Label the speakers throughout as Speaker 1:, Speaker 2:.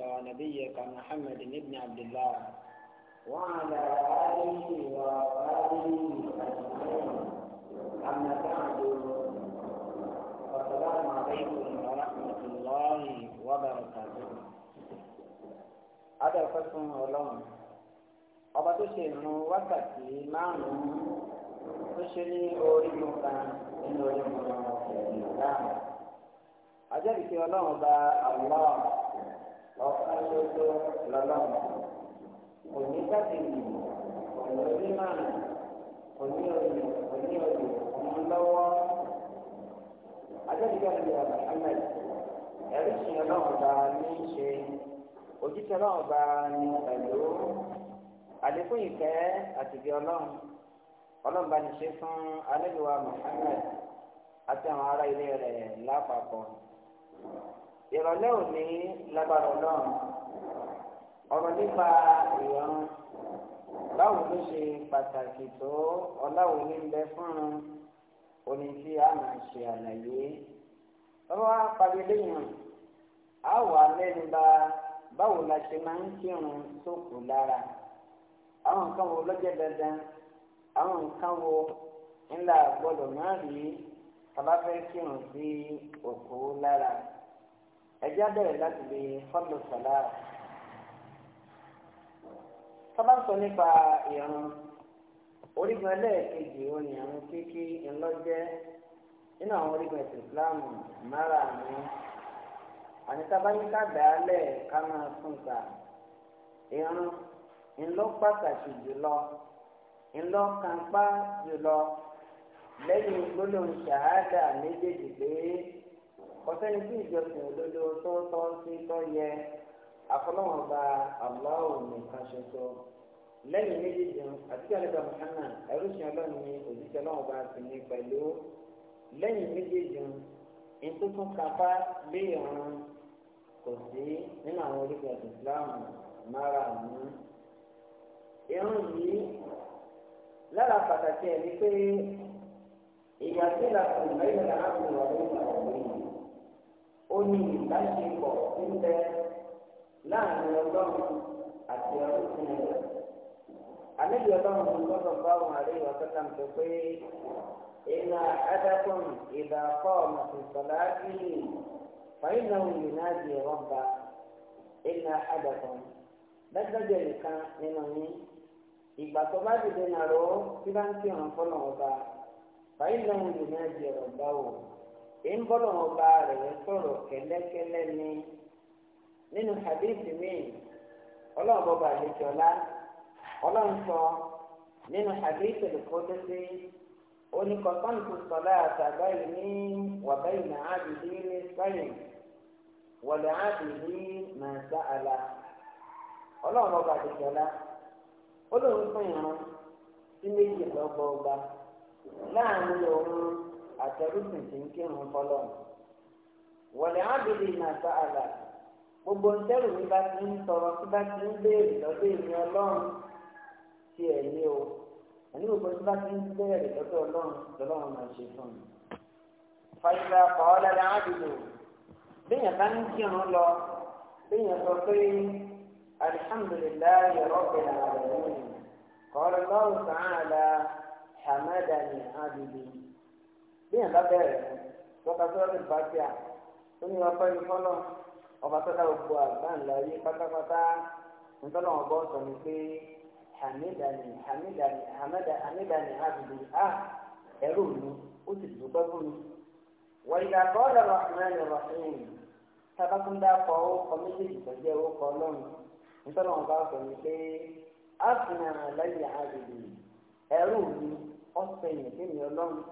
Speaker 1: رسولك ونبيك محمد بن عبد الله وعلى آله وأصحابه أما بعد السلام عليكم ورحمة الله وبركاته هذا الفصل ولون ọba شنو ṣe ìrun wákàtí márùn-ún tó ṣe أجل orígun kan nínú orígun ọ̀kan ṣoṣo lọ́lọ́mọ òní sátìmù òní márùn òní òní òní òní òní lọ́wọ́ adébíyá ni ọ̀nà ahmed ẹ̀rí sìn ọlọ́run bá ní ṣe bá ní ìfẹ́ ọlọ́run ọlọ́run bá ní ṣe fún àti àwọn ará ilé rẹ̀ lápapọ̀. ìrọ̀lẹ́ òní lágbára ọlọ́run ọ̀rọ̀ nípa ìrọ̀rùn báwo ló ṣe pàtàkì tó ọláwo ní ń bẹ fún oní tí a máa ṣe àlàyé bàbá wa parí léyìn a wà lẹ́nu bá báwo la ṣe máa ń kírun tó kù lára àwọn nǹkan wo ló dandan àwọn nǹkan wo ńlá gbọ́dọ̀ máa rí tàbá fẹ́ kírun sí òkú lára. ẹjẹ bẹ̀rẹ̀ láti lè fọlọ sọlá tọ́ba ń sọ nípa ìrun orígun ẹlẹ́ẹ̀kejì òní àwọn kíkí ńlọ́jẹ́ nínú àwọn orígun ẹ̀sìn mara àmì àti tábáyíká dàálẹ̀ ká máa fún ta ìrun ńlọ pàtàkì jùlọ ńlọ kàńpá jùlọ lẹ́yìn gbólóhùn méjèèjì pé. kọ́sẹ́ni tí ìjọsìn òdodo tó tọ́ sí tó yẹ àfọlọ́wọn bá Allahu nìkan ṣoṣo lẹ́yìn méjèèjì àtijọ́ nípa Muhammad ẹrú ṣe ọlọ́run ní òjíṣẹ́ ọlọ́run bá ti ní pẹ̀lú lẹ́yìn méjèèjì ìtútún kápá bí ìrún kò sí nínú àwọn orígun ẹ̀sìn Islam mara mú. ìrún yìí lára pàtàkì ẹ̀ ni pé ìyàtí làkùnrin lẹ́yìn làkùnrin wà lóyún àwọn òyìnbó. ó ní ìbáṣepọ̀ níbẹ̀ láàrin ọlọ́run àti ọlọ́run rẹ̀. àlejò ọlọ́run ní gbọ́dọ̀ bá òun àrí ọ̀sọ́ta ń sọ pé ìlà adákùn ìlà kọ́ ọ̀mọ̀sọ̀lá kí fàyínà òun náà di ẹ̀rọ ba ìlà adákùn lẹ́gbẹ̀jẹ̀ nìkan nínú yín ìgbà tó bá dìde nàró tí bá ń kí fọ́nà ọba fàyínà náà di ẹ̀rọ ba òun. ìbọ̀lọ̀ wọn bá rẹ̀ sọ̀rọ̀ ni nínú hadith míì ọla bọ́ba àlejòlá nínú hadith al-Qudsi oníkọ̀tàǹtù sọ̀lá àtàbáyé ní wàbáyé náà àbìlí ní sáyẹn wọ̀lẹ̀ àbìlí máa sá àlà ọlọ́run bọ́ba àlejòlá ó lóun sí méjì lọ́gbọ̀ọ́gba láàrin òun. àtẹrùsìn tí ń kírun fọlọ́ wọlé ábìlì náà sáàlà gbogbo ntẹ́rù mi bá ti ń tọrọ tí bá ti ń béèrè lọ́dọ̀ èmi ọlọ́run ti ẹ̀ ní o àní gbogbo tí bá ti ń béèrè lọ́dọ̀ ọlọ́run lọ́lọ́run máa ṣe fún mi. fàyíṣà kọ́ọ́lá ni ábìlì bẹ́yẹn bá ń kírun lọ bẹ́yẹn sọ pé alihamdulilayi rabbil alamin qala Allahu ta'ala hamadani ábìlì. téèyàn bá bẹ̀rẹ̀ lọ́ka sọ́ọ́dún bá ti à ó ní ọpẹ́ ọba yé pátápátá sọ pé hamidani hamidani hamidani ah, mi ó sì dúpẹ́ fún mi. wàyíká kọ́ọ̀dà rahman rahim kọ́ méjèèjì sọ pé lẹ́yìn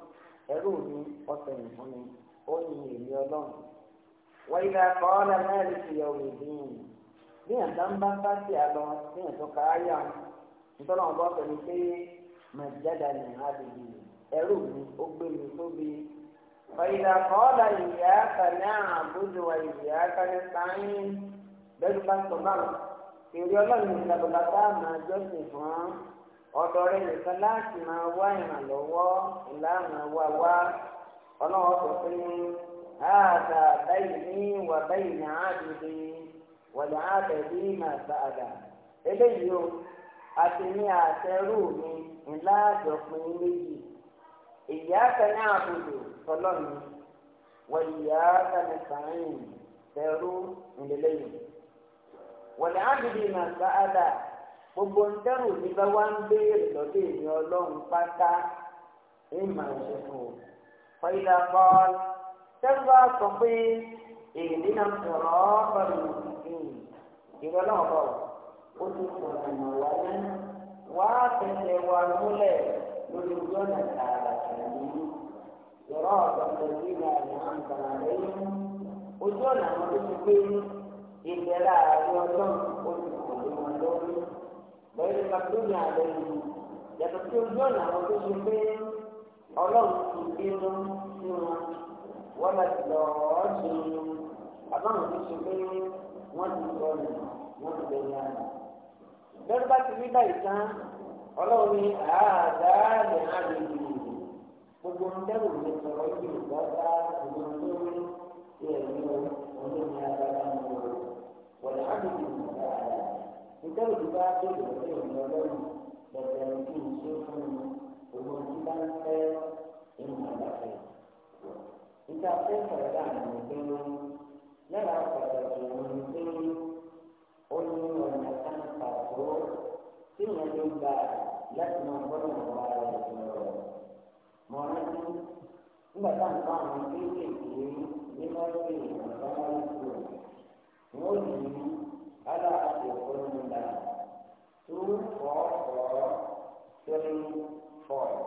Speaker 1: ẹrú mi ọ̀sẹ̀ nìkan ni ó ní èmi ọlọ́run. wọ́n ìgbà kan ọ̀la náà lè fi ọ̀rọ̀ ìdíyìn bí ẹ̀dá ń bá ń bá sí bí ẹ̀dá ká yà ń nítorí wọn sọ ni pé ni ẹrú ó gbé mi ìyá àbújọ wa ìyá sáyìn bẹ́ẹ̀ ọ̀dọ̀ rẹ̀ nìkan láti máa wá ìrànlọ́wọ́ ìlànà wa wá ọlọ́wọ́ sọ pé ààdà báyìí ní wà báyìí ní àádìdì wàlẹ̀ àádìdì máa sàádà eléyìí o àti ní àtẹrù mi ńlá àjọpín méjì ìyá kan àbùdù tọlọ́mi wọ́n ìyá kan sàáyìn tẹrù ńlẹ́lẹ́yìn wàlẹ̀ àádìdì máa sàádà gbogbo ń dẹ́rù ní bá wá ń béèrè lọ́dọ̀ èmi ọlọ́run pátá èyí máa ṣe fún o. fọyídà paul tẹ́gbà sọ pé èyí nínú sọ̀rọ̀ ọ̀rọ̀ ìrìn ìrọ̀ náà bọ̀ ó ti sọ̀rọ̀ ìmọ̀ wáyé wá tẹ̀lé wa múlẹ̀ lórí ojú ọ̀nà tààrà tẹ̀lé sọ̀rọ̀ ọ̀dọ̀ pẹ̀lú ìlà ìhàn tààrà lẹ́yìn ojú ọ̀nà àwọn tó ti gbé ìlera àwọn ọlọ́run ó ti kọ̀ lé wọn lórí. lẹ́yìn màdúnyà lẹ́yìn yàtọ̀ sí ojú ọ̀nà tó ṣe pé ọlọ́run ti bínú sí wọn wọ́n lọ sí ṣe àbáwọn tó ṣe pé wọ́n ti wọ́n ti àná. bá ti rí báyìí tán ọlọ́run ní gbogbo ń dẹ́rù sọ̀rọ̀ ẹ̀mí ní nítorí tí bá tó lò sí ìrìn ọlọ́run lọ́dọ̀ ẹni tí ń ṣe fún mi owó tí bá ń fẹ́ ìmọ̀ àgbàfẹ́. níta fẹ́ sọ̀rọ̀ láàrin ìgbẹ́ lẹ́la pàtàkì ìrìn ìgbẹ́ ó ní ọ̀nà kan pàtó tí ìyẹn ló gbà láti máa gbọ́dọ̀ wọ ara rẹ̀ lọ́rọ̀. mo rántí nígbà táwọn kan àwọn kéékèèké ní mọ́tò ìrìn àgbàfẹ́ wọn ò ní على أن يكون لنا 2 for 4 3 4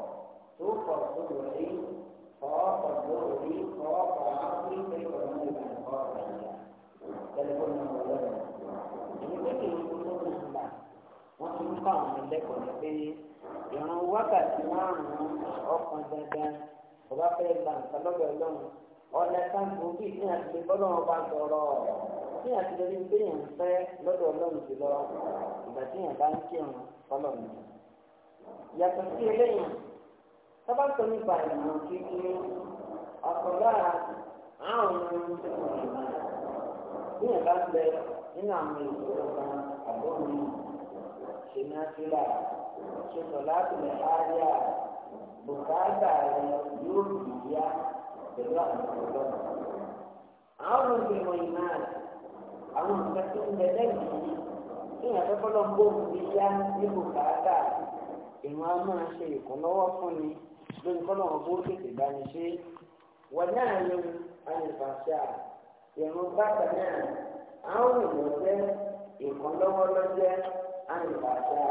Speaker 1: 2 for صدري 4 for ظهري 4 for عقلي 3 for مدري 4 for تليفون نمبر 11 ìní pé kí n tó tó ń là wọ́n ti ń kọ́ àwọn ẹlẹ́kọ̀ọ́ ní pé ìrun wákàtí márùn-ún ọkàn dandan ọba fẹ́ẹ́ la nǹkan lọ́dọ̀ ọlọ́run ọ̀nà kan gbòógì tí a ti bọ́ lọ́wọ́ bá sọ̀rọ̀ tí pé yẹn fẹ́ lọ́dọ̀ ọlọ́run ti ìgbà tí bá ń kírun yàtọ̀ sí nípa nínú àwọn kan ṣe ní pẹ̀lú àwọn ọ̀dọ́. Àwọn olùgbèmọ̀ ìmọ̀ àwọn nǹkan tó ń bẹ lẹ́yìn yìí ní àtọ́kọ́lọ́ gbóhùn bí yá níbo kàákà ìwọ̀n a máa ṣe ìkànlọ́wọ́ fún ni lórí kọ́lọ́ ọ̀gbó tètè bá ní ṣe. Wọ́n náà ní àyẹ̀fàṣà ìrún bàtà náà àwọn ènìyàn jẹ́ ìkànlọ́wọ́ lọ́jẹ́ àyẹ̀fàṣà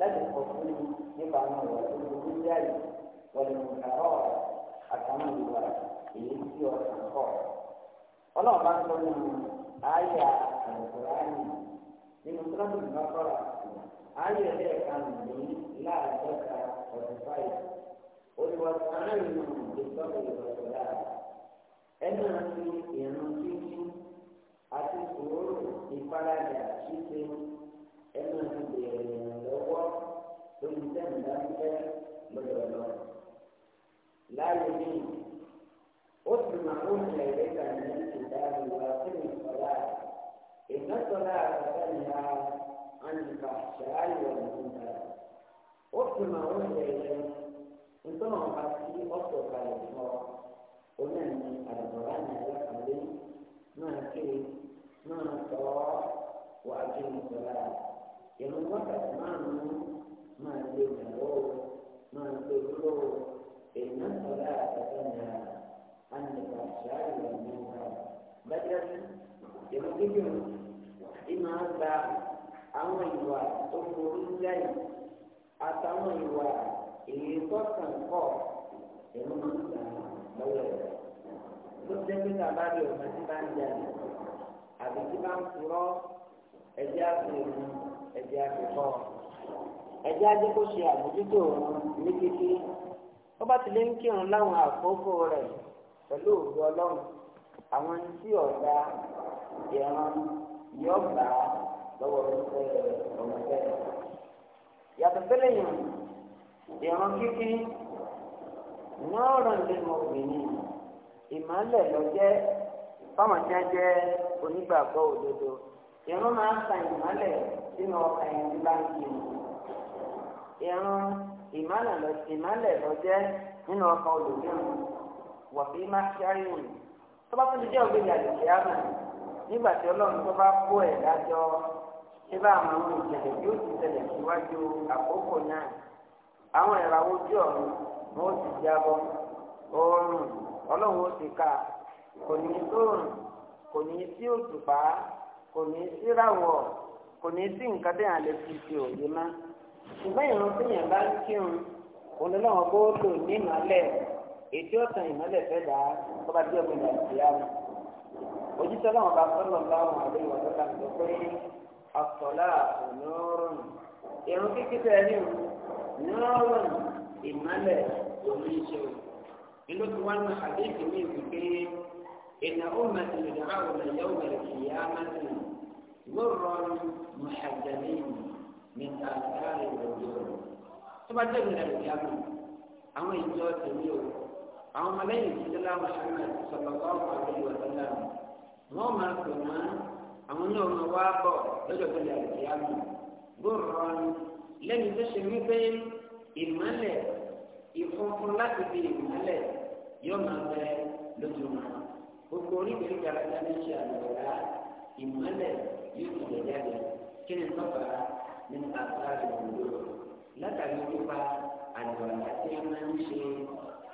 Speaker 1: láti pọ̀ fún nípa àwọn ọ̀rọ̀ tó ń gbé jáde wọ̀lẹ̀mùkàrọ̀ àtàwọn ìwà àti èyí tí ọ̀sán kọ̀. ọlọ́run bá sọ nínú àyà àlùkùránì nínú sọ́dún ìgbàkọ́ra àyà ẹ̀ẹ́dẹ́gbẹ̀ta ní láàdọ́ta ọ̀dún báyìí. olùwàsánù ìsọ̀rọ̀ ìrọ̀lá ẹnu àti ìrún kíkí àti sùúrù ìfaradà ṣíṣe ẹnu àti ìrànlọ́wọ́ lórí lọ́dọọdọ. láyé أسمعون إليك من الكتاب وأقم الصلاة إن الصلاة تنهى عن الفحشاء والمنكر أسمعون إليك أنتم قاسي أصدق الإسلام ومن القرآن يقبل ما كي ما صار وأقم الصلاة يوم وقت ما ما تقول ما تقول إن الصلاة تنهى أن الفحشاء والمنكر بدلا يمكنه إما أن àwọn ìwà tó forí lẹ́yìn àtàwọn ìwà èyí tọ́kàn kọ̀ ẹ̀rọ máa ń gbà lọ́wọ́ rẹ̀. ló jẹ́ pé bàbá rẹ̀ ọ̀nà tí bá ń jalè àbí tí bá ń purọ́ ẹ̀jẹ̀ àfihàn ẹ̀jẹ̀ àfikọ́. ẹ̀jẹ̀ ajé kò ṣe àbójútó òun ní kékeré ó bá ti lé ń kírun láwọn àkókò rẹ̀ pẹ̀lú òru ọlọ́run àwọn tí ọ̀dà ìran yóò gbà á lọ́wọ́ ọ̀sẹ̀ ọ̀sẹ̀. yàtọ̀ sílẹ̀ yàn ìran kíkí náà ràn lé mọ ìmọ̀lẹ̀ lọ fáwọn jẹ́ onígbàgbọ́ òdodo ìran máa ń ìmọ̀lẹ̀ sínú bá ń kí ìran ìmọ̀lẹ̀ lọ jẹ́ nínú wàbí má ṣe ayé òní tó bá tún ti jẹ́ òbí ìyàlẹ̀ kí á mọ̀ nígbà tí ọlọ́run tó bá kó ẹ̀ dájọ́ ṣé bá àwọn ohun ìṣẹ̀lẹ̀ yóò ti ṣẹlẹ̀ síwájú àkókò náà àwọn ìràwọ̀ ojú ọ̀run ó ti jábọ́ ọlọ́run ó ti kò ní í sóòrùn kò ní í sí òtùpá kò ní í kò ní í sí nǹkan tí àlẹ́ ṣe bá ń kírun òun bó lò ní ètò ọ̀sán ìmọ̀lẹ̀ fẹ́ dà á tó bá dé ọ̀gbìn nàìjíríà mọ̀. òjíṣẹ́ náà bá sọ́nà báwọn àdéhùn ọ̀dọ́ta sọ pé ọ̀sọ̀lá ònúrùn irun kíkítà ẹni ònúrùn ìmọ̀lẹ̀ òníṣe inú tí wọ́n ń àdéhùn mi fi pé ìnà ọmọ ìlú àwọn ẹ̀yọ́ wẹ̀rẹ̀ kìíyá mẹ́tì gbọ́rọ̀ mùsàdàlì mi àgbáyé lọ́jọ́ tó bá dé ọ̀gbìn nàìjíríà mọ̀ àwọn ìjọ tèmi ò àwọn ọmọlẹ́yìn ìdílé Muhammad sallallahu alaihi wa sallam wọ́n máa pè wọ́n àwọn náà máa wá bọ̀ lọ́jọ́ tó lè àdìyàmù gbòòrò lẹ́nu tó ṣe wípé ìmọ̀lẹ̀ ìfúnfún láti fi ìmọ̀lẹ̀ yóò máa bẹ lójú wọn gbogbo oríkèérí kàràkà ní ṣe àlùbọ̀dá ìmọ̀lẹ̀ yóò ti lè jáde kí ni tọ́ka ní àgbára ìwúlò látàrí pípa àlùbọ̀dá tí wọ́n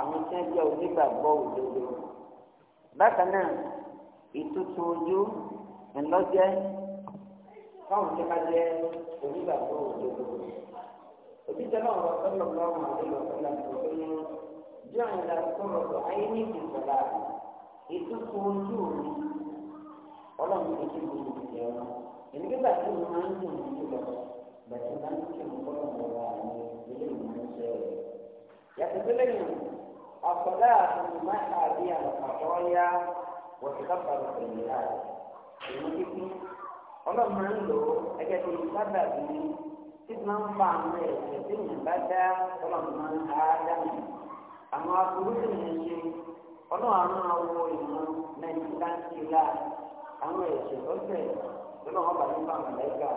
Speaker 1: àwọn tí wọ́n jẹ́ onígbàgbọ́ òdodo. bákan náà ìtutù ojú ńlọ́jẹ́ fáwọn tí wọ́n jẹ́ onígbàgbọ́ òdodo. òtítọ́ náà wọ́n sọ́nà lọ́wọ́ àwọn ìlọ́sọ́nà tó ń jẹ́ àwọn ìdásọ́nà tó ayé ní ìsọ̀lá ìtutù ojú mi ọlọ́run ti tún bí ìjẹ́ wọn. èmi nígbà tí mo máa ń dùn ní ìlọ bàtí mo máa ń tún ìmúkọ́ ọ̀rọ̀ àwọn ilé ìmọ̀ ń yàtọ̀ sílẹ̀ yìí الصلاة محى بها الخطايا وتكبر السيئات ìmúdíkí ọlọ́run máa ń lò ó ẹgbẹ́ bíi sábà bíi tí máa ń fa àwọn ẹ̀sẹ̀ tí èèyàn bá dá ọlọ́run máa ń ha dánù àwọn aburú tí èèyàn ṣe ọlọ́run àwọn awọ ìmọ̀ mẹ́rin bá ń ṣe lá àwọn ẹ̀sẹ̀ lọ́sẹ̀ lọ́nà wọn bá ní fa mọ̀lẹ́kà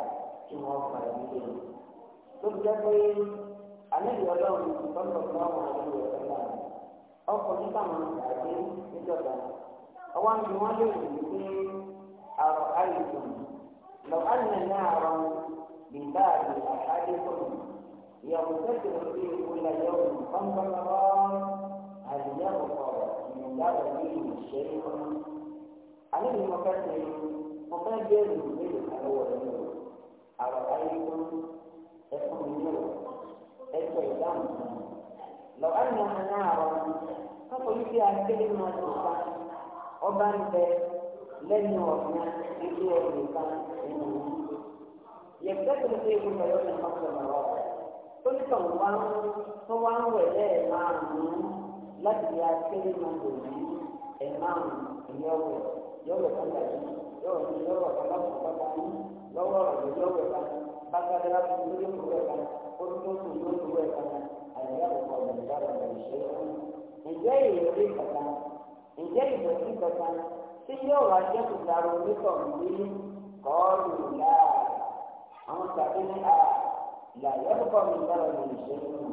Speaker 1: tí wọ́n fà á nílé ló jẹ́ pé alẹ́ ìyọ́lọ́run tọ́lọ̀ fún àwọn àlejò ọ̀sán náà ọkùnrin táwọn ìgbàgbé níjọba ọwọ́ ni wọ́n lè rí i pé àrò àìsàn lọ àìsàn náà rọ bìbá àti àkàdé fún ìyàwó sẹ́kì ló fi ìkúlẹ̀ yọ̀wò kọ́ńkọ́ńkọ́ àìyáwó kọ̀ọ̀ ìyàwó ní ìṣe fún alẹ́ ni mo fẹ́ ṣe mo fẹ́ gbé ìlú nílùú àlọ́wọ́ rẹ̀ àrò àìsàn ẹ̀fọn mi lò ẹ̀fọ́ ìdáhùn kan lọ ẹnìyàn náà ọ̀rọ̀ kọ́kọ́ yìí fi àkéde máa tó pa ọba ń bẹ lẹ́nu ọ̀nà ìlú ọ̀nà kan nínú wọn. yẹ̀pẹ́ tó ń fi ewu lọ yọ̀ọ́ nípa sọ̀rọ̀ ọ̀ tó ní kàn wá tó wá ń wẹ̀ lẹ́ẹ̀ máa mú láti fi àkéde máa tó yìí ẹ̀ máa mú ìyọ̀wẹ̀ yọ̀wẹ̀ kọ́ńtà yìí yọ̀wẹ̀ yọ̀wẹ̀ kọ́ńtà yìí lọ́wọ́ ọ̀rọ̀ yọ̀wẹ̀ kan bá يبقى مجرد شيء ǹjẹ́ ìròrí kankan ǹjẹ́ ìbòsí kankan tí yóò wá jẹ́ ìdàrú onítọ̀ọ̀dé kọ́ọ̀lù láà àwọn tàbí ní à làyọ̀ pọ̀ ní ìdára ní ìṣẹ́yìn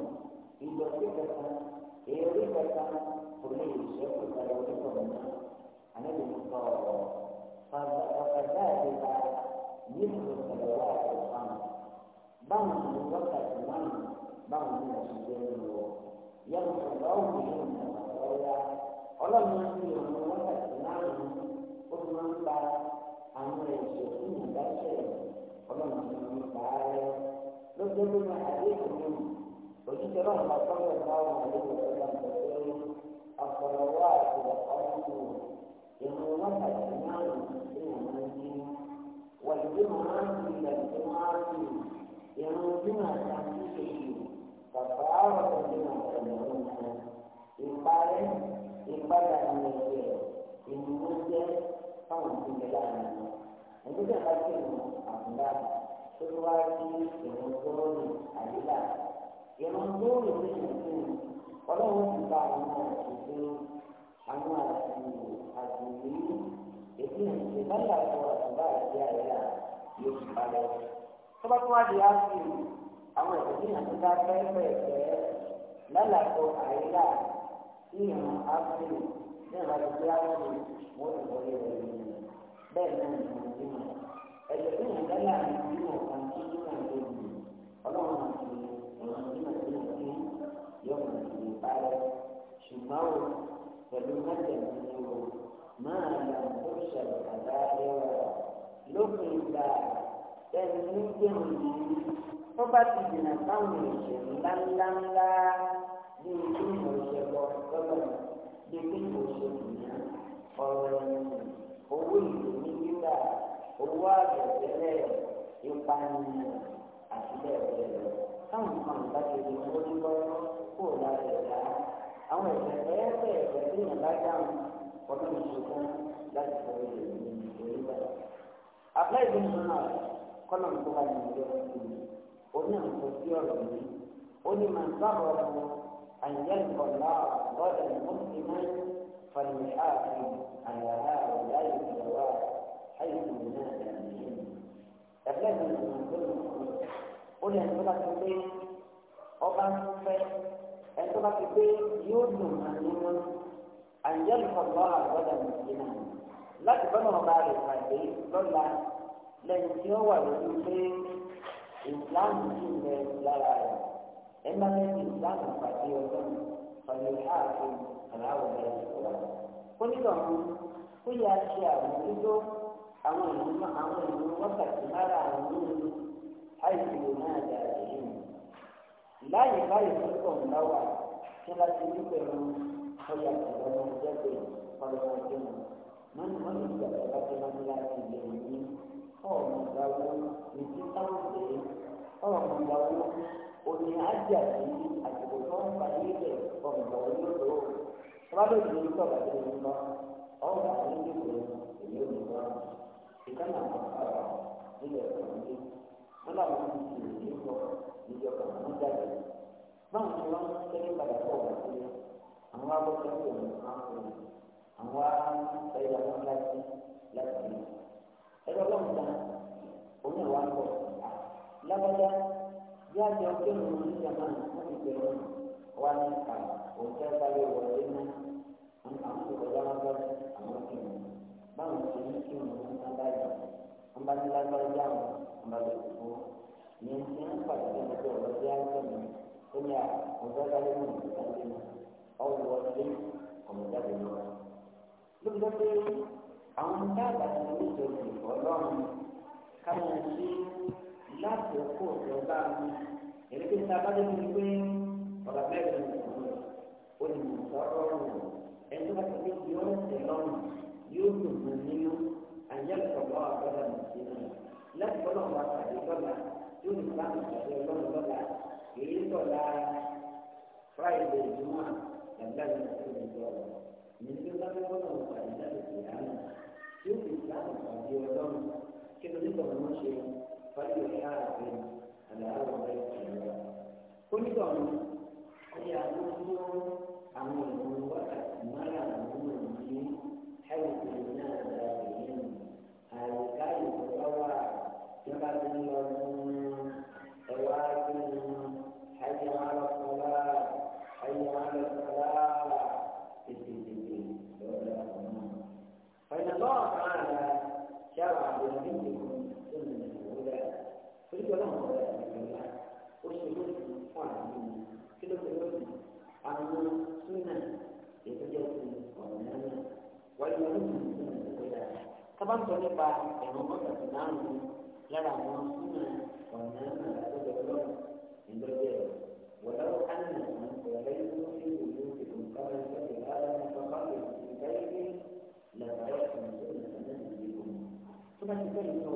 Speaker 1: ìbòsí kankan ìròrí kankan kò ní ìṣẹ́kù ìdára onítọ̀ọ̀dé àlejò ń sọ ọ̀rọ̀ fàgbàgbà àdéhà yìí ló ń sọ̀rọ̀ láàrin fáwọn báwọn ìlú báwo ni wọ́n ṣe jẹ́ ẹni wọ. Yẹ́n ní ọ̀gá òkú ní ìjọba ọ̀yá. Ọlọ́run ń fi ọ̀nà wákàtí márùn-ún ó fi máa ń pa àwọn ẹ̀ṣẹ̀ fún ìdáṣẹ̀ ọlọ́run ti máa ń pa á rẹ̀. Lọ́jọ́ ló máa àdé ìlú òṣìṣẹ́ náà máa tọ́jú ìdáwọ̀ àdéhùn ọ̀gá ọ̀pọ̀lọpọ̀ àti ọ̀pọ̀lọpọ̀ ìrìn wákàtí márùn-ún ní ìwọ̀n والجمعة إلى الجمعة يوم الجمعة تحقيق فتعارف بما تعملون ìparẹ́ ìpadà ní ẹ̀jẹ̀ ìmúlò jẹ́ fáwọn ìpínlẹ̀ láàrin wọn. ẹ̀jẹ̀ bá ti mú àbúrà tó wá sí ìrùn góòlù àdílà. ìrùn góòlù ní ìlú ọlọ́run ti bá àwọn àṣìṣe àwọn àṣìṣe àṣìṣe èdè ìṣe lọ́lá tó àtúbà àti àyà yóò ti parẹ́. tó bá tó àwọn ìdíyàn tó bá fẹ́ pẹ̀lẹ́ lálàpọ̀ àyíká ìyàn áfírí ní ìbára tí a wọ́n lè wọ́n ti wọlé rẹ̀ nínú bẹ́ẹ̀ náà ní wọ́n ti mọ̀ ẹ̀jẹ̀ tó yàn lẹ́yà ní ìdíyàn kan tí ìdíyàn tó yàn ọlọ́run àti ìwọ̀n ìdíyàn tó yàn sí yọ̀ọ̀ ní ìbára ṣùgbọ́n o pẹ̀lú mẹ́tẹ̀ẹ̀ nínú o máa yà tó ṣẹlẹ̀ àdáyé rẹ̀ lópin ìgbà ẹni ní gbẹ̀rù yìí tó bá ti dènà sáwọn ìṣẹ̀lẹ̀ ńláńláńlá bíi kí ni òṣèlú ọ̀dọ́dọ̀ bíi kí ni òṣèlú yẹn ọ̀rọ̀ ẹ̀yìn owó ìlú ní rírà owó àgbẹ̀tẹ̀lẹ̀ ìpànìyàn àti bẹ́ẹ̀ bẹ́ẹ̀ lọ. táwọn nǹkan ìgbà kejì ń wọlé lọ́wọ́ kó lára ẹ̀dá àwọn ẹ̀sẹ̀ ẹ̀ẹ́fẹ̀ ẹ̀sẹ̀ tí yẹn bá dáhùn ọdún ìṣòkan láti sọ èdè ìlú ìlú ìlú ìlú. àbúlá ìlú ìlú náà kọ́nà ń kó wa nìyẹn lọ́wọ́ oní àkọsí ọ̀rọ̀ mi ó ní màá sábà ọ̀rọ̀ wọn àyẹ̀ nkọ̀lá bọ́dà mọ́sílẹ̀ fàlẹ̀ ààfin àyàrá ọ̀dà ìjọba àìsàn náà dàbí. ẹ̀fẹ́ mi ní màá tó lọ fún un ó ní ẹ̀tọ́ bá ti pé ọba ń fẹ́ ẹ̀tọ́ bá ti pé yóò dùn màá nínú àyẹ̀ nkọ̀lá bọ́dà mọ́sílẹ̀ láti bọ́dà ọba rẹ̀ pàdé lọ́la lẹ́yìn tí ó wà lórí pé ìsìláàmù sì ń bẹ lára rẹ̀ ẹ má ní ìsìláàmù pàdé ọdún pàdé ààfin aláwọ̀ rẹ̀ ìṣòro. ó nílò ọ̀hún kó yẹ ṣe àmójútó àwọn ìlú àwọn ìlú wákàtí lára àwọn ìlú àìsílò náà dà èyí mu. láyé báyìí tó tọ̀ ń láwà tí wọ́n ti ní pẹ̀lú ọjà ìjọba ọmọ ìjọba ọmọ ìjọba mọ́nìmọ́nì ìgbà tó bá tó bá ní láti ilé ìlú ọ̀nà ìgbàwó ìdí táwùjẹ ọ̀nà ìgbàwó òní ájà sí àsìkò tó ń bà yé bẹ̀ ọ̀nà ìgbàwó yóò tó sábàbí ìdílé tó bàjẹ́ ní ìgbà ọ̀nà ìgbàwó èyí ò ní gbà ìkànnì àwọn ọ̀rọ̀ nílẹ̀ ìkànnì wọn làwọn ti ti ìdí ń bọ̀ níjọ kan wọn jáde báwọn ni wọn ń tẹ́lẹ̀ padà bọ̀ wá sílé àwọn abọ́ sẹ́kọ̀ọ́ láti ọjọ́ ìrìn ní ìjàmbá láti bẹ̀rẹ̀ wá ní ìka òkè sáré wọlé náà wọn kà ń tó kọjá wọn bá àwọn kìnnìún báwọn ṣe ní kí wọn ní sábàjá wọn bá ní lágbájá wọn wọn bá lè fún wọn ní ti ń pàṣẹ ìgbẹ́ ọ̀rọ̀ sí àgbẹ̀mí ó ní òkè sáré wọn ní ìjáde náà ọwọ́ ọdún ọmọdé náà lóòótọ́ pé àwọn dábàá ti ní ìjọba ọlọ́run káwọn ṣe láti ọkọ̀ ọ̀dọ́ bá mi èyí tó ń ta abájọ mi pé ọ̀rọ̀ mẹ́rin ò ní sọ̀rọ̀ ọ̀rùn ẹni tó bá ti fi yọ ẹsẹ̀ lọ́rùn yóò dùn mí nínú àyẹ̀kọ̀ọ́ àgbọ̀dọ̀ nìyí náà láti fọlọ́ wọn àti lọ́la tó ní sáà ìṣẹ̀lẹ̀ ọlọ́run lọ́la èyí sọ̀la fúráìdè ìjùmọ̀ ẹ̀gbẹ́ni tó ní sọ̀rọ̀ nínú tó bá fọlọ́ wọn àti lọ́la ìyáná tó ní sáà ìṣẹ̀lẹ̀ ọlọ́run kí ló ní sọ̀rọ̀ wọn ṣe fọlọ́ ìyá àgbẹ̀ni àlàáwọ̀ rẹ̀ jùlọ. Onígbà wọn, ọ̀yà àwọn ọmọ àwọn ìlú wákàtí mara àwọn ọmọ yìí ẹ̀rù tó náà dá èyí nù. Àyíká ìjọba wà nígbà tí ń lọ fún ẹ̀wá sí i. Ayé wa lọ sọ́lá, ayé wa lọ sọ́lá, lórí ìdìbò tó nà ní àwọn súnà ìtọ́jú ti ọ̀nà náà wáyé olóògùn súnà ìtọ́jú dára. sábà ń sọ nípa ẹ̀rọ mọ́tàkì márùn-ún lára àwọn súnà ọ̀nà náà látọ̀jọ́ ọlọ́run ìgbẹ́jẹ́ rẹ̀ wọ̀lọ́rọ̀ kánà ọ̀rẹ́ yóò fi ìlú ìlú káwọn ìgbẹ́jẹ́ rárá nípa báwọn ìgbẹ́jẹ́ lẹ́gbẹ̀ẹ́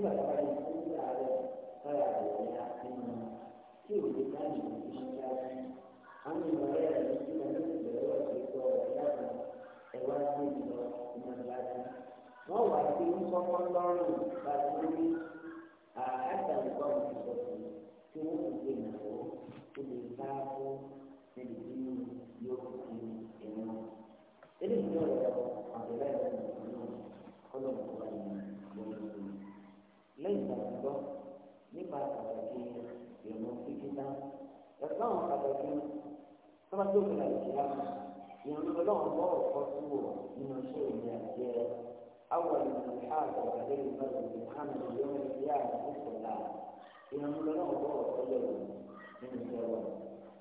Speaker 1: tó bàtà bá yẹ kó kúrò àárẹ̀ báyà àwọ̀ ya nínú tí ò lè bá yìí ní ìṣẹ́ àti àwọn ìmọ̀lẹ́ rẹ̀ ní ìgbà tó ti bẹ̀rẹ̀ wọ̀ sí sọ ọ̀rẹ́ àgbà ẹ̀wá sí ìlọ ìmọ̀lẹ́ àti wọ́n wà sí ń kọ́kọ́ lọ́rùn bá lọ́dún tọ́ba tó gbé àìsí àmà ìrìn ọlọ́run bọ́ ọ̀kọ́ sí wò nínú iṣẹ́ ìrìn àjẹ awọ ìrìn àjọ àgbàdo ìbára ìrìn kánà ìyọ́n ìyá àkókò là ìrìn ọlọ́run bọ́ ọ̀kọ́ lẹ́wọ̀ nínú iṣẹ́ wọn.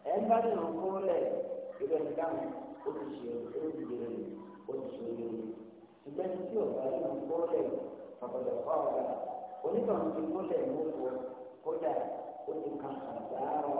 Speaker 1: ẹ ń bá nínú kúrúlẹ̀ ìbẹ̀ ní dáhùn ó ti ṣe olùdíje ó ti ṣe olórí ṣùgbọ́n tí ò bá nínú kúrúlẹ̀ ọ̀pọ̀lọpọ̀ ọ̀gá onítọ̀hún ti kúrúlẹ̀ mú kódà ó ti kan àgbáárọ̀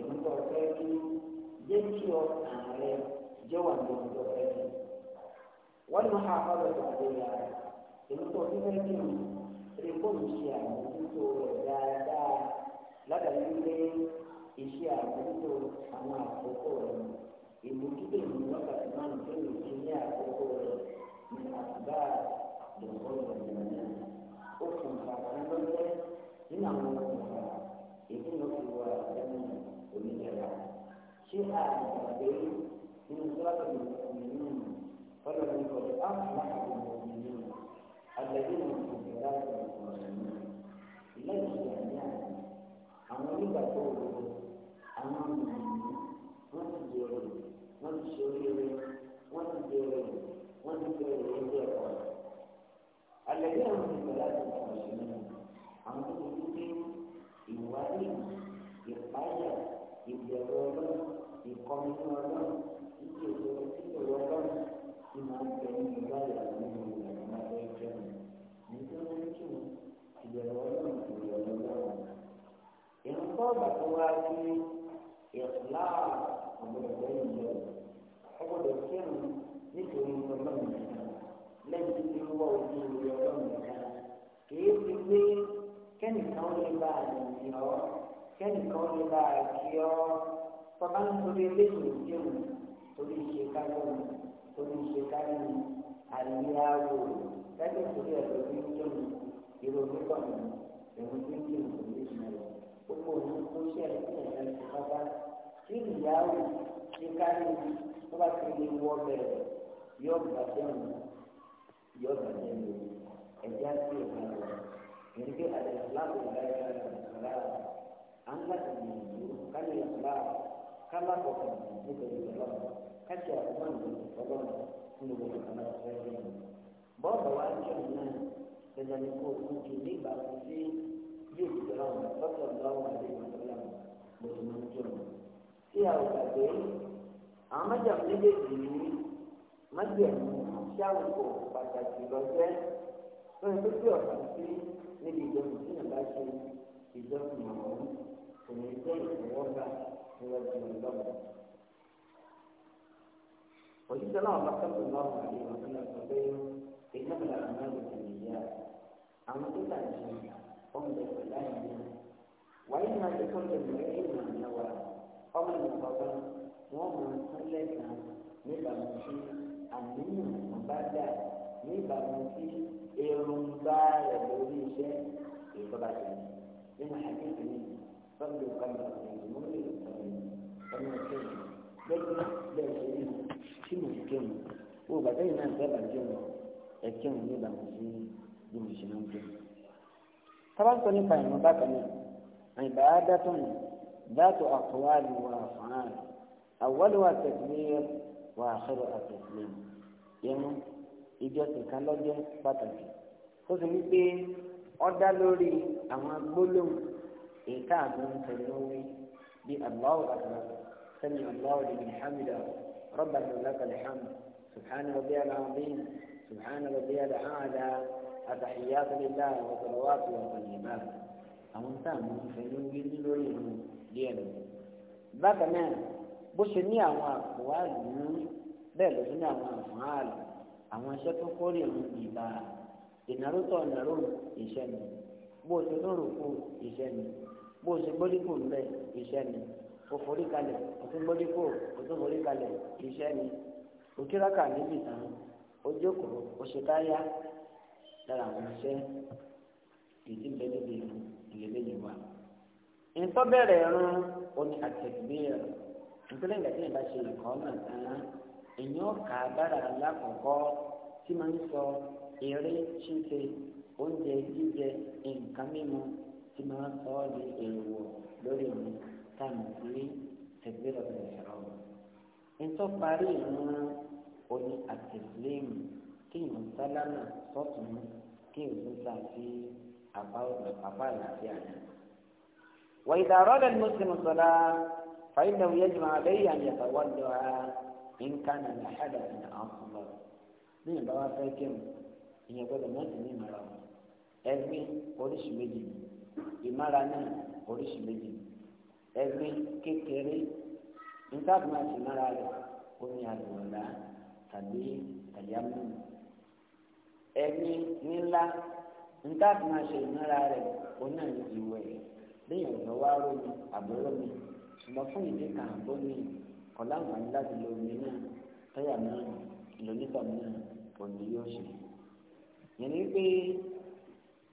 Speaker 1: èmi kọ́ fẹ́ kí jẹ́ kí ọkàn rẹ jẹ́ wà ní ọjọ́ fẹ́ kí. wọ́n ní ha ọ̀rọ̀ tó àgbẹ̀ yà rẹ̀ èmi kọ́ fẹ́ fẹ́ kí mi rí fóònù ṣe àmójútó rẹ̀ dáadáa látàrí wípé iṣẹ́ àmójútó àwọn àkókò rẹ̀ ìmójútó ìlú wákàtí máa ń tó ìdí ní àkókò rẹ̀ ní àtúbà lọ́kọ́ ìrìnàjò ó kùn fàkàndọ́jẹ́ nínú àwọn ọkùnrin èyí ló fi wà lẹ́nu rẹ̀ oníyàrá ṣé àgbàgbé nínú sọ́ọ̀tì ìmọ̀mìnì fọlọ́ ní kọ̀dọ̀ áfíà ìmọ̀mìnì àgbàgbé ìmọ̀mìnì láti ìmọ̀mìnì lẹ́yìn ìyàrá àwọn onígbàgbọ́ òdodo àwọn ìmọ̀mìnì wọ́n ti jèrè wọ́n ti ṣe oríire wọ́n ti jèrè wọ́n ti jèrè ilé ẹ̀kọ́ àgbàgbé ìmọ̀mìnì láti ìmọ̀mìnì àwọn tó ti dúdú ìwádìí ìpáyà ìbẹ̀rù ọlọ́run ìkọ́mínú ọlọ́run ìdí ìṣòro títòrò ọlọ́run tí máa ń bẹ nínú báyà nínú ìlànà lábẹ́ ìjọ mi nítorí wọn kí wọn ìbẹ̀rù ọlọ́run ìbẹ̀rù ọlọ́run. ìrúkọ́ bàtà wá sí ìlà ọ̀gbọ̀dọ̀ ìjọ ọgbọ̀dọ̀ kírun nítorí ọlọ́run nìkan lẹ́yìn tí ó wọ ojú ọlọ́run nìkan kì í fi gbé kẹ́nìkan ó lè bá àdìyàn kẹ́nìkan lè bá a kí ọ bàbá ń torí eléyìí jẹun torí ìṣe káyọ̀ torí ìṣe káyọ̀ àríyá wò láti torí ẹ̀ lórí jẹun ìrò pípọ̀ ní ìrò tó ń jẹun kò gbogbo òun tó ṣe ẹ̀ ẹ̀rọ ti bàbá tí ìyá ṣe káyọ̀ tó bá ti lè wọ bẹ̀rẹ̀ yóò bàjẹ́ mi yóò ẹ̀já sí ìgbà lọ àti ìsìlámù ìgbà yẹn an gasa biyu kan yi ba kala ko kan yi ko yi ba kace a kuma ne ko ba kuma ko kan da sai ne ba da wani kin nan da zani ko ku ki ne ba ku ji yi ki da ran ba ta da wani ne ba da ran ba ta mun ji sai a ka dai amma da ne da ji májèmú tí àwọn kò pàtàkì lọ́jẹ́ fún ẹgbẹ́ tí ọ̀sán sí níbi ìjọba tí nàbá ṣe ìjọba ìmọ̀ràn kò ní jẹ́ ìfọwọ́gbà níwájú ọlọ́run. òṣìṣẹ́ náà bá kẹ́kọ̀ọ́ lọ́wọ́ àyè ọ̀sán náà sọ pé ìjọba àwọn ọmọ ìyá àwọn tó tà jù ọmọ ìgbà láyé náà wáyé máa ti kọ́ lè mọ̀ ẹ́ ìmọ̀ àyẹ̀wò ọmọ ìgbà wọn wọ́n máa ń tán lẹ́sàn-án níbàámu sí àníyàn àbádà níbàámu sí èròǹgbà rẹ̀ lórí iṣẹ́ ìjọba tẹ̀lé nínú sọ́dọ̀ kalẹ̀ ìmọ̀ ní ìtàn ọmọ ìkẹyìn lọ́dún bẹ́ẹ̀ ṣe rí kí mo fi kẹ́hìn o bàtà yìí náà sábà kẹ́hìn ẹ kẹ́hìn ní ìbàmù sí bí mo ṣe máa ń kẹ́hìn. tábà ń sọ nípa ìmọ̀ bákan náà àyìnbá dátọ̀ ní dátọ̀ àkọwálì wà fàán àwọ̀lù àtẹ̀sílẹ̀ wà àṣọ̀rọ̀ àtẹ̀sílẹ̀ yẹnu ìjọsìn kan lọ́jọ́ pàtàkì ó sì ní pé ó dá lórí àwọn gbólóhùn èyí tá à ń bọ́ ń tẹ̀lé wí bí Allahu akbar sami Allahu liman hamidah rabbana lakal hamd subhana rabbiyal azim subhana rabbiyal a'la atahiyatu lillahi wa salawatu wa tayyibat àwọn tá à ń bọ́ ń tẹ̀lé wí lórí ìlú díẹ̀ lọ. bákan náà bó ṣe ní àwọn àpòwálù bẹ́ẹ̀ ló tún ní àwọn àfọ̀hálù àwọn iṣẹ́ tó kórè ń bì bá ìnáró tó ìnáró ìṣẹ́ mi bó o ṣe lóru kú iṣẹ́ ni bó o ṣe gbólíkù ńlẹ̀ iṣẹ́ ni o forí kalẹ̀ o tún gbólíkù o tún forí kalẹ̀ iṣẹ́ ni o kíraka níbi tán o jókòó o ṣe táyà lára àwọn iṣẹ́ ìdí bẹ́ẹ̀ níbi ìlẹ́lẹ́ yìí wà. ìtọ́ bẹ̀rẹ̀ ẹ̀rún oní àtẹ̀gbẹ́rẹ̀ nítorí ìgbà tí ìbá ṣe ìkọ́ náà tán èyí kà á bára alákọ̀ọ́kọ́ tí máa ń sọ eré ṣíṣe oúnjẹ jíjẹ nǹkan mímu tí máa ń sọ ọ́ di èèwọ̀ lórí omi táàmù sí tẹ̀gbẹ́rọ̀ ẹ̀rọ. nítorí parí ìran oní àtìlẹ́yìn kí ìwọ̀n sálámà sọ́tún kí ìwọ̀n sá sí àbá àlàáfíà náà. وإذا أراد المسلم الصلاة فإنه يجب عليه أن يتودع إن كان لحدث أصغر. من بواسطة كم؟ هي قد مسلم رأوه. ẹ̀gbin oríṣi méjì ìmára náà oríṣi méjì ẹ̀gbin kékeré nígbàdùn ìmára rẹ̀ ó ní tàbí àyámú ẹ̀gbin na nígbàdùn ìmára rẹ̀ ó náà ní ìwẹ̀ lẹ́yìn ọ̀dọ́ àbúrò mi ṣùgbọ́n fún ìdí kan lo omi náà tọ́yà náà lónítọ̀ náà òní yóò ṣe yẹn pé.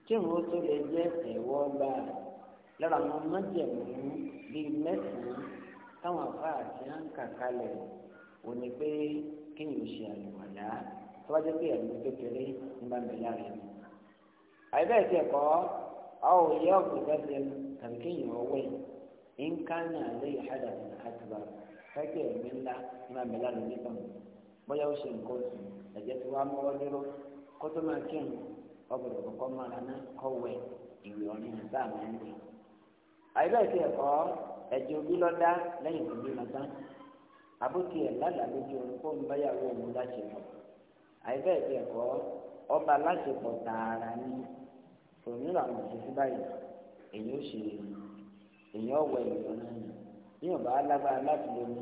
Speaker 1: kí wọn tó lè jẹ ẹwọ bá a ndị àwọn májẹ̀mú bíi mẹ́sàn-án táwọn afáà ti ń kà ndị pé kéèyàn ṣe àlùwàlá tó bá jẹ́ pé ẹ̀mí kékeré ń bá mi àìbẹ́ẹ̀ tí ẹ̀kọ́ àwọn òye ọ̀gbìn tàbí kéèyàn ọwọ́ ẹ̀ ń ká ní àlẹ́ ìhádà ẹ̀mí ńlá ń bá mi bóyá ó ṣe nǹkan oṣù ẹ̀jẹ̀ tí wàá dúró kó tó máa ọbụrụ kọkọ mara na kọwẹ a máa ẹ̀kọ́ ẹ̀jẹ̀ òbí lọ́dá lẹ́yìn tó bímọ tán ẹ̀ lálàá lójú orúkọ ń báyàwó òun láṣepọ̀ àìbẹ́ẹ̀ ẹ̀kọ́ ọba láṣepọ̀ tààrà ni òmíràn báyìí èyí ó ṣe èyí náà alágbára láti lómi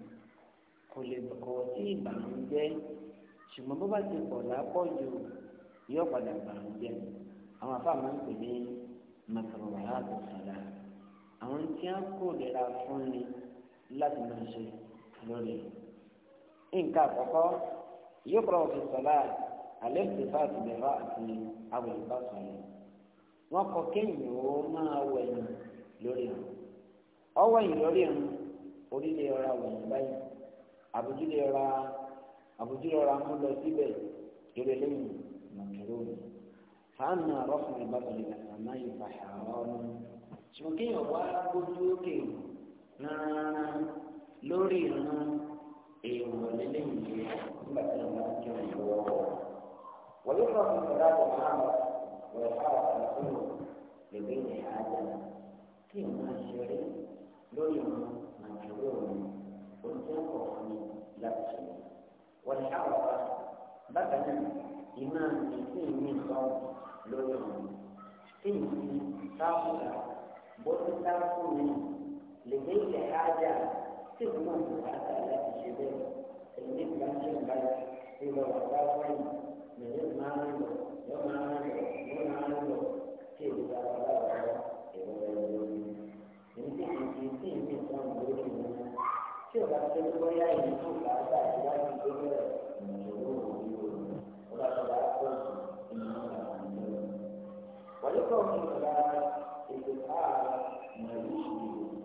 Speaker 1: kò lè kọ̀ sí ìbànújẹ́ ṣùgbọ́n bó bá ti pọ̀ lápọ̀ jù yóò padà bànújẹ́ àwọn afá máa ń pè ní màkàrọ̀wá àtọ̀sára àwọn tí a kò lera fún ni láti máa ṣe lórí nǹkan àkọ́kọ́ yóò kọ́ ọ̀fìn sọ́lá alẹ́ ti fa àtìlẹ́fà àti àwọn ìbá sọ̀rọ̀ wọn kọ kéèyàn ó máa wẹ̀yìn lórí ọ̀hún ọwọ́ lórí ọ̀hún orílẹ̀ ọ̀ra wẹ̀yìn báyìí àbójúlé ra àbójúlé ra mú lọ síbẹ̀ eré lẹ́yìn màkìrónì fàánà rọ́fún ìbátanì àná ìfàṣà ọ̀nà ṣùgbọ́n kéèyàn wá gbójú òkè rárá lórí ìran èèwọ̀ lẹ́lẹ́yìn nígbà tí wọ́n bá ń kírun ìwọ́ wọ́n yóò fọ́ fún ìlà àbọ̀ márùn wọ́n yóò fọ́ àwọn àkókò lè ìrìn àjà kí n máa ṣeré lórí ìran màkìrónì. والجوع لا شيء والحركة بدنا إمام فيه من صوت لون فيه صوت بوت صوت لكي حاجة تضمن حتى لا تشبه المثل الشمال في مواقف من يوم عنده يوم عنده يوم عنده في مواقف يوم عنده يوم عنده يوم عنده يوم عنده tí o bá ti tó bóyá ìlú tó bá gbà tí wá ní ìdókòwò ìṣòro òbí rẹ̀ ó bá tó bá tó ìmọ̀ àwọn ìlú rẹ̀. wọ́n yóò kọ́ mi ìlà ètò ààrẹ mọ̀ ìlú ìṣòro.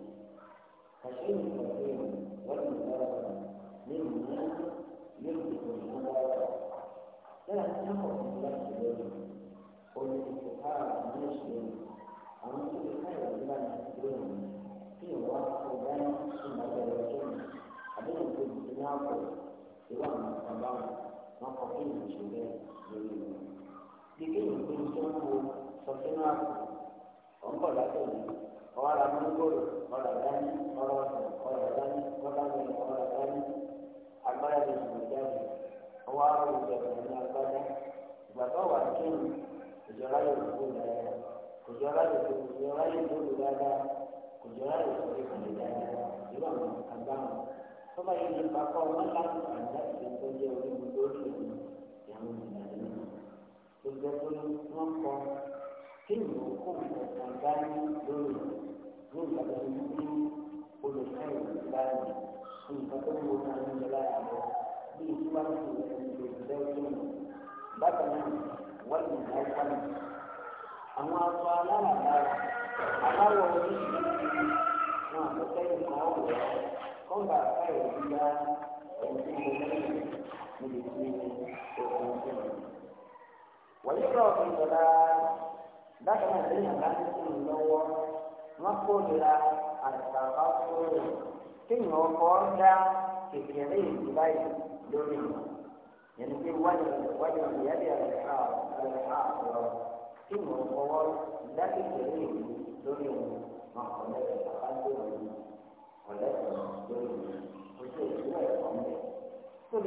Speaker 1: àṣé ìgbàgbé wọ́n ti lọ́wọ́ ní ìlú ní ìdókòwò ìlú lọ́wọ́. yàrá tí wọ́n wá pọ̀ ìwà àwọn bàbá wọn wọn kọ kí èèyàn ṣe bẹ́ẹ̀ lórí wọn. bí kéèyàn tó ń tó ń wo sọ sínú àpò ọ̀ ń bọ̀ látẹ̀lé ọ̀rọ̀ ara mọ́ngòrò ọ̀rọ̀ dání ọ̀rọ̀ ọ̀sán ọ̀rọ̀ dání kọ́láwé ọ̀rọ̀ dání agbára lè sùn jáde ọwọ́ àrùn ìjọba ní agbára ìgbà tó wà kéèyàn ìjọba yóò tó kúrò dáadáa ìjọba yóò tó ìjọba yóò tó kúrò dáadáa ìjọba yóò tó kúrò dáadáa ìjọba yóò tó kúrò dáadáa tó bá yẹ nípa kọ́ wọn láti kàn láti fi tó jẹ́ orí mi lórí mi ìyàwó mi láti mi. Gbogbo ẹgbẹ́ wọn kọ kí ìlú kò nǹkan dání lórí ní ìgbàgbọ́ ní bí olùkọ́ ìlú láàyè nǹkan tó wù náà ń lọ lára rẹ̀ bí ìtura ti ẹni lè fẹ́ fún mi. Bákan náà, wọ́n ti dá ipá mi. Àwọn aṣọ alárànbarà aláwọ̀ oríṣiríṣi náà tó fẹ́ ìmọ̀ kọ́ńtà táyọ̀ ti dá ẹni lẹ́yìn níbi tí òkun tó lọ. wọ́n yóò lọ́ọ̀ fi lọ́la dákan náà lẹ́yìn àbájú tó ń lọ́wọ́ wọ́n kó lera àtàkà fúlẹ̀ kéèyàn ọkọ̀ dá kékeré ìlú báyìí lórí wọn. yẹn ti wáyé wáyé ìyáde àlẹ́ká àlẹ́ká lọ kéèyàn ọkọ̀ dá kékeré ìlú lórí wọn. wọn kọ̀ lẹ́yìn àbá ọ̀lẹ́sìn lónìí oṣù ìṣúná ẹ̀kọ́ ń ṣe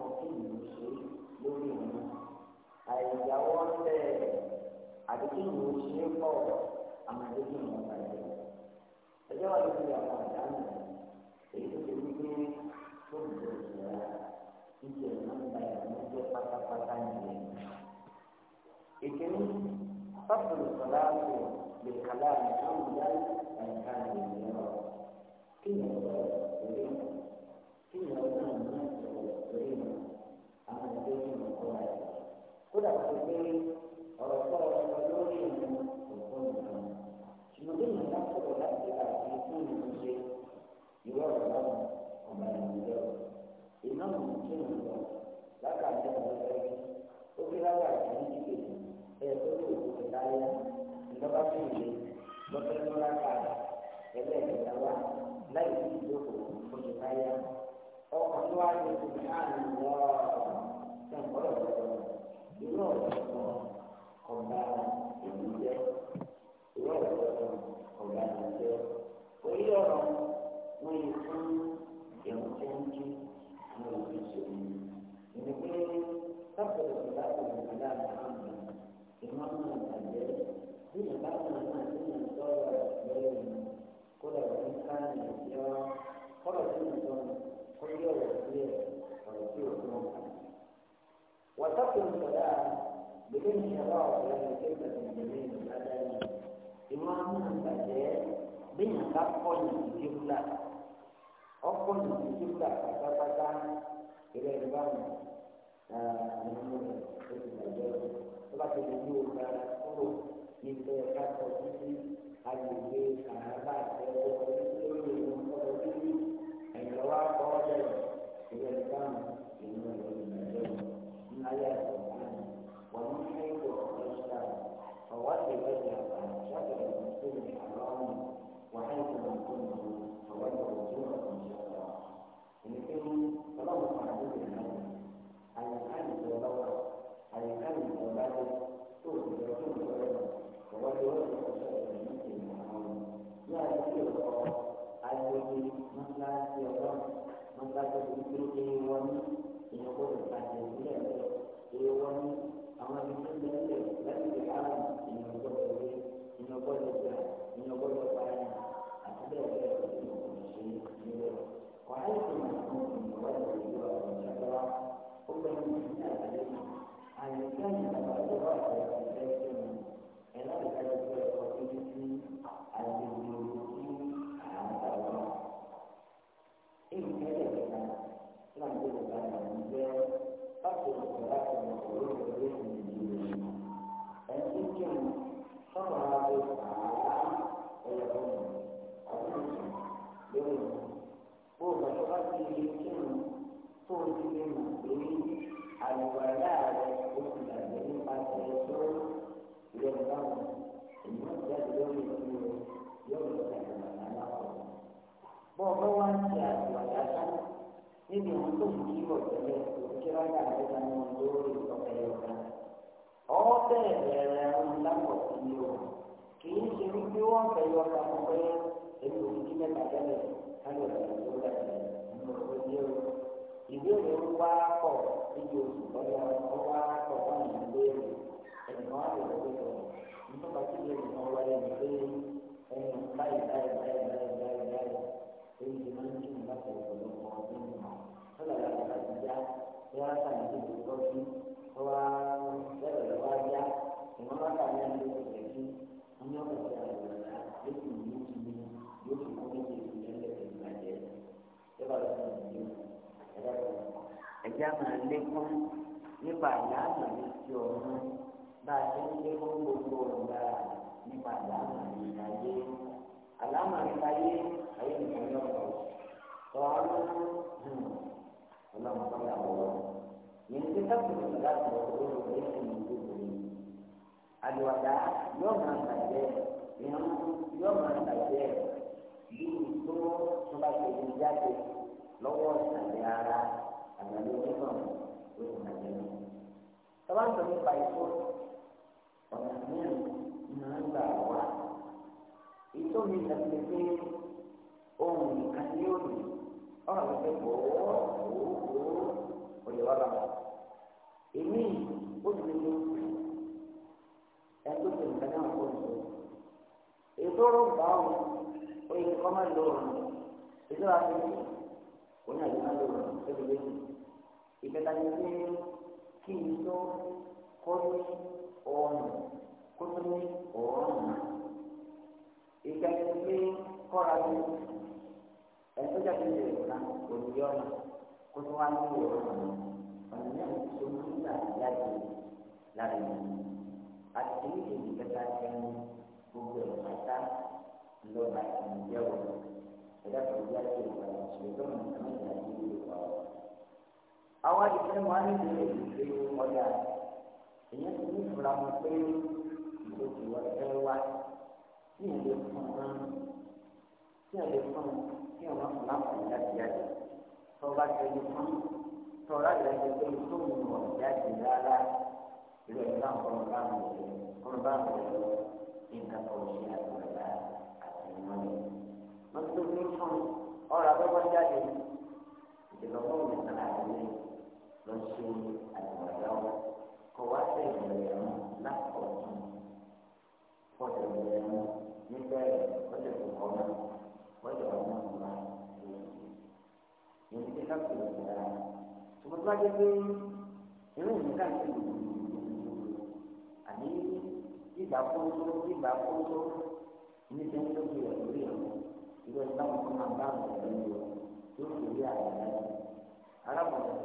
Speaker 1: lórí ìlú àìyàwó ọ̀tẹ̀ àdékìnyìn ṣe é pọ̀ ẹjọ́ wà lórí àwọn àdáhùn èyí tó ti wípé tó ń bọ̀ ìṣẹ̀lá ìṣẹ̀ máa ń ba ìrànlọ́ jẹ́ pátápátá nìyẹn. ìkíní fásitì sọ̀rọ̀ àti lè kàlá àti ìyá ẹ̀ka ìrìnlẹ̀ rọ̀ kí ni ọ̀rọ̀ ìrìn kí ni ọ̀rọ̀ náà ní ọ̀rọ̀ ìrìn àwọn ìgbésẹ̀ ọ̀rọ̀ rẹ̀ kódà kò pé ọ̀rọ̀ sọ̀rọ̀ ọmọ ìyàwó iná mọ̀ tí mo lọ lákàtà ìlọ́fẹ́ ó fi lágbà tí ń dìde ẹ tó lè wò ó láyé ìjọba tó lè lọ́fẹ́ ló lágbà ẹlẹ́ẹ̀kẹta wá láì sí ìjókòó tó lè láyé ọkọ̀ tó wá ní ìlú àná lọ ṣe ń bọ̀rọ̀ lọ́wọ́ ìlú ọ̀dọ́ ọ̀gá ìlú jẹ́ ìlú ọ̀dọ́ ọ̀gá ìlú jẹ́ orí ọ̀rọ̀ wọ́n yìí fún ìrún tí ń kí ní òbí ṣòwò ìní pé sábẹ̀rẹ̀ ìlà ìlú ìlà ìlú ìmọ̀ náà tàbí bí ìlà náà náà ti ń sọ̀rọ̀ lọ́yọ̀ mi kó lọ sí káàní ìjọ kọ́lọ̀ sí ìjọ kó yẹ ọ̀rọ̀ sí ẹ̀ ọ̀rọ̀ sí òkú náà. wàtàkù ìṣọ̀dá gbèdé ìṣẹ̀dá ọ̀rẹ́ ìṣẹ̀dá ìṣẹ̀dá ìṣẹ̀dá ìṣẹ̀dá ìmọ̀ náà tàbí bí ìlà kọ́ni ìdíkùlà. Apun juga katakan kira-kiraan Sebab itu juga perlu mintakan posisi hari ini sangatlah perlu yang lebih تكتب الصلاة والقرآن وليس من وجود الوداع يوم الفجر يوم الفجر yìí tó tó bá ṣe Di jáde lọ́wọ́ ìsàlẹ̀ ara àgbàdo tó náà ló ń bàjẹ́ lọ. Tọ́lá ń sọ nípa ìtọ́ ọ̀nà mẹ́rin máa ń gbà wá. Ìtọ́ mi dàbí pé ohun nìkan òní ọ̀rọ̀ mi fẹ́ wọ́ọ́ wọ́ọ́ wọ́ọ́ òye wá bá wọn èmi ó ti lè lọ ẹgbẹ́ tó nǹkan náà pọ̀ jù ètò ọ̀rọ̀ bá wọn ó yẹ kọ́ máa lọ ọ̀rọ̀ ètò àti ìlú kò ní àyè máa lọ ọ̀rọ̀ ẹgbẹ́ lẹ́yìn ìkẹta ni pé kí n tó kọ́ ní ọ̀nà kó tó ní ọ̀ọ́nà ìkẹta ni pé kọ́ra ní ẹgbẹ́ jáde lè rà òní ọ̀nà kó tó wá ní ọ̀ọ́nà ọ̀nà náà tó ń gbà jáde lára ìlú àti ìdèjì kẹta ẹni gbogbo ẹ̀ pátá lọ́ba ìjẹ́ wọ̀ ẹ̀dá tó yá sí ìwà ìṣòro tó ń kàn ní àdúgbò ìwà ọ̀. àwọn ìṣẹ́ wọn ní ìlú ìlú ọjà èyí ti ní ìfura mọ́ pé ìlú ìwà ẹ̀ wá tí ìlú fún un tí ìlú fún un tí ìwà fún un láǹfààní láti yára tó bá tẹ̀lé fún un tọ́ láti rẹ̀ pé tó mú wọn jáde rárá ìlú ẹ̀ náà kọ́ bá mi rẹ̀ kọ́ bá mi rẹ̀ lọ nǹkan kan ò ṣe àgbàlá àti ìmọ̀lẹ̀. wọ́n tó ní fún ọ̀rọ̀ àbẹ́wọ́ jáde ìjọba fún mi kan àgbẹ̀ lọ ṣe àgbàlá wọn kọ́ wá sí ìrẹ̀lẹ̀ wọn lápọ̀ tún kọ́ ìrẹ̀lẹ̀ wọn níbẹ̀ ọjọ́ ìkọ̀kọ̀ náà wọ́n yọ̀ ọ́ náà wá lórí ìdílé náà ṣùgbọ́n tó bá jẹ́ pé irú ìmúta ti lò àní ìgbà kóso ìgbà kóso ní ti ń tóbi rẹ̀ lórí ẹ̀ ìlú ẹ̀ bá wọn máa bá wọn lórí ẹ̀ yóò fi rí àyè rẹ̀ arákùnrin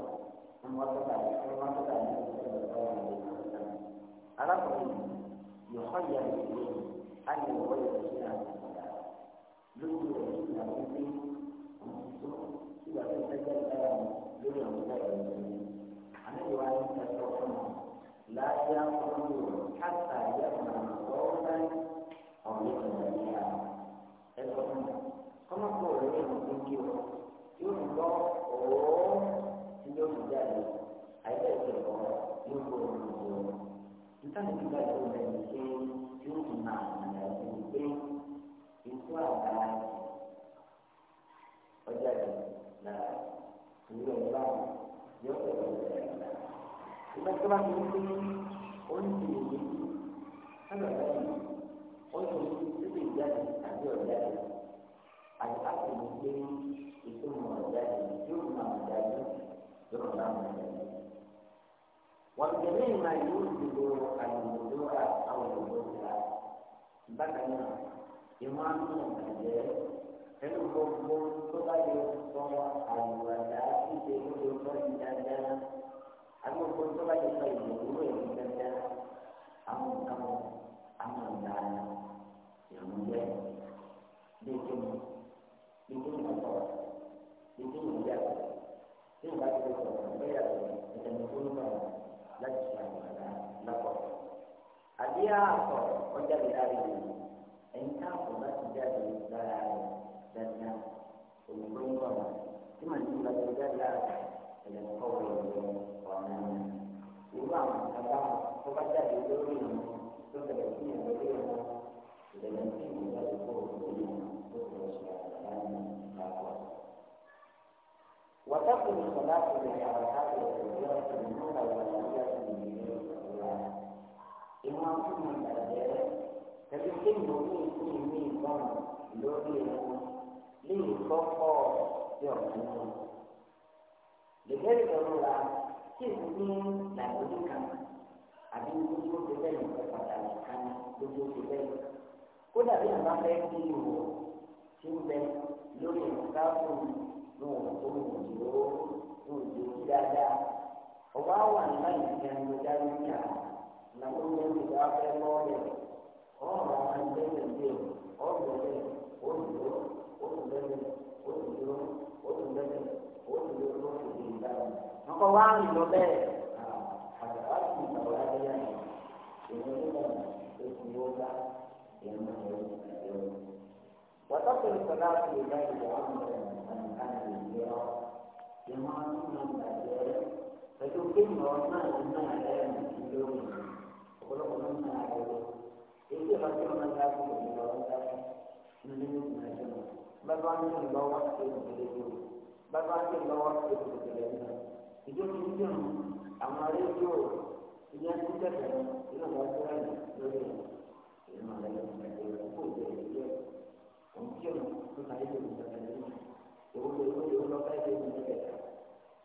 Speaker 1: ọmọ tó bá yẹ ọmọ tó bá yẹ arákùnrin yóò kọ́ ìyá rẹ̀ lórí ìyá rẹ̀ sí àwọn ọ̀gá lórí sí àwọn ọ̀gá tó ìgbà tó ń tẹ́jọ́ ìgbà lórí àwọn ọ̀gá ìlú ìlú àníbi wa ní ẹ̀sọ́ fún un láti àwọn olùrò káàtà ìyá ọ̀nà ọ̀rọ̀ láì ọ̀rọ̀ ìlú ìyá ẹ̀sọ́ fún un kọ́mọ́kọ́ òun ní ìlú kí o yóò fi gbọ́ òórùn tí yóò fi jáde àìsàn ìṣẹ̀kọ́ yóò kó o lò ó nítorí ìgbà tó bẹ̀rẹ̀ ṣe yóò fi máa nàlẹ́ ìlú pé ikú àgbà ọjà ìlú lára ìwé ọ̀la yọ ọ̀rọ̀ rẹ̀ ìgbà tó bá ti ń pín oúnjẹ ìwé sábà báyìí oúnjẹ títí ìjáde àti ọ̀jáde àti àtìmí pé ìtumọ̀ ọ̀jáde yóò máa jáde yóò máa jáde. وجميع ما يوجد الموضوع او الوضوء بكنا إمام الأجيال nínú gbogbo tó bá yẹ sọ àyùwà dáa sí ṣe gbogbo tó yẹ dáadáa àbí gbogbo tó bá yẹ sọ ìdòwúrò yẹ dáadáa àwọn nǹkan àwọn ìlànà ìrùn jẹ bí kí ni bí kí ni ọkọ bí kí ni ìyá tí ìgbà tó lè sọ̀rọ̀ ìgbéyà rẹ̀ ìdẹ̀nu tó ń sọ̀rọ̀ láti ṣe àyùwà dáa lọ́pọ̀ àbí àkọ́ ọjà ìdarí ẹ̀yìn káàkó láti jáde lára rẹ̀ dáadáa òun ló ń bọ̀ wá tí màá ní ìgbà tó dáadáa ẹ̀yẹ kọ́ ìwé ọ̀nà irú àwọn ìjọba tó bá jáde lórí ìrìn tó bẹ̀rẹ̀ sí ìrìn lórí ìrìn ìrìn tí ìrìn jáde kó òkú ìrìn tó bẹ̀rẹ̀ sí àgbàlagbà lápá. وتقل الصلاة بالحركات والتدبيرات المنورة والعمليات المنزلية والأولاد. إمام أم الأديان تبي كل يومين كل يومين ضمن لوحي léyìí kọ́kọ́ sí ọ̀nà náà. Lèbẹ́rì lọ́rùn la tí èmi ní làbójú kan àbí ojú ti bẹ́ẹ̀ nìkan pàtàkì kan lójú ó ti bẹ́ẹ̀. Kódà bí àwọn afẹ́ kí ìwò ti ń bẹ lórí ìmọ̀ká fún mi wọn ò tó wọn ò dúró wọn ò dúró dáadáa. Ọ̀wá wà nígbà yìí kí a ń lo dárí ìjà làwọn ọmọ ìgbà afẹ́ lọ́ọ̀lẹ̀ ọ̀rọ̀ àwọn ẹgbẹ́ ìgbẹ́ ọ̀gbẹ̀rẹ̀ ọkọ̀ wá ń lọ bẹ́ẹ̀. àti ìgbàwọ́ adéyà ni èmi nígbà tó ti yóò bá èmi ní ẹ̀rọ ìgbàlódé. wọ́tọ́ tó ń sọ̀rọ̀ àti ìgbà ìgbà wọn ní ẹ̀rọ ìgbàlódé àti ìgbà ọ̀ ìmọ̀ nínú ìgbàjẹ́ pẹ̀lú kéèyàn náà ní náà ẹ̀rọ ìgbàlódé lórí ọ̀pọ̀lọpọ̀ ní náà ẹ̀rọ èyí ìgbà tó bàbá ń tẹ̀ lọ́wọ́ ṣe ìpele yìí bàbá ń tẹ̀ lọ́wọ́ ṣe ìpele yìí ìjọ ti ń dìrù àwọn rédíò ìyẹn ti tẹ̀lé nínú àwọn ìsirẹ́lì lórí ìrìnà rẹ̀ ìrìnà kò jẹ́ ìjẹ́ òǹkírun tó ta ìlú ìjọba yìí èwo lè lórí ọlọ́pàá ìdè ìlú ìjọba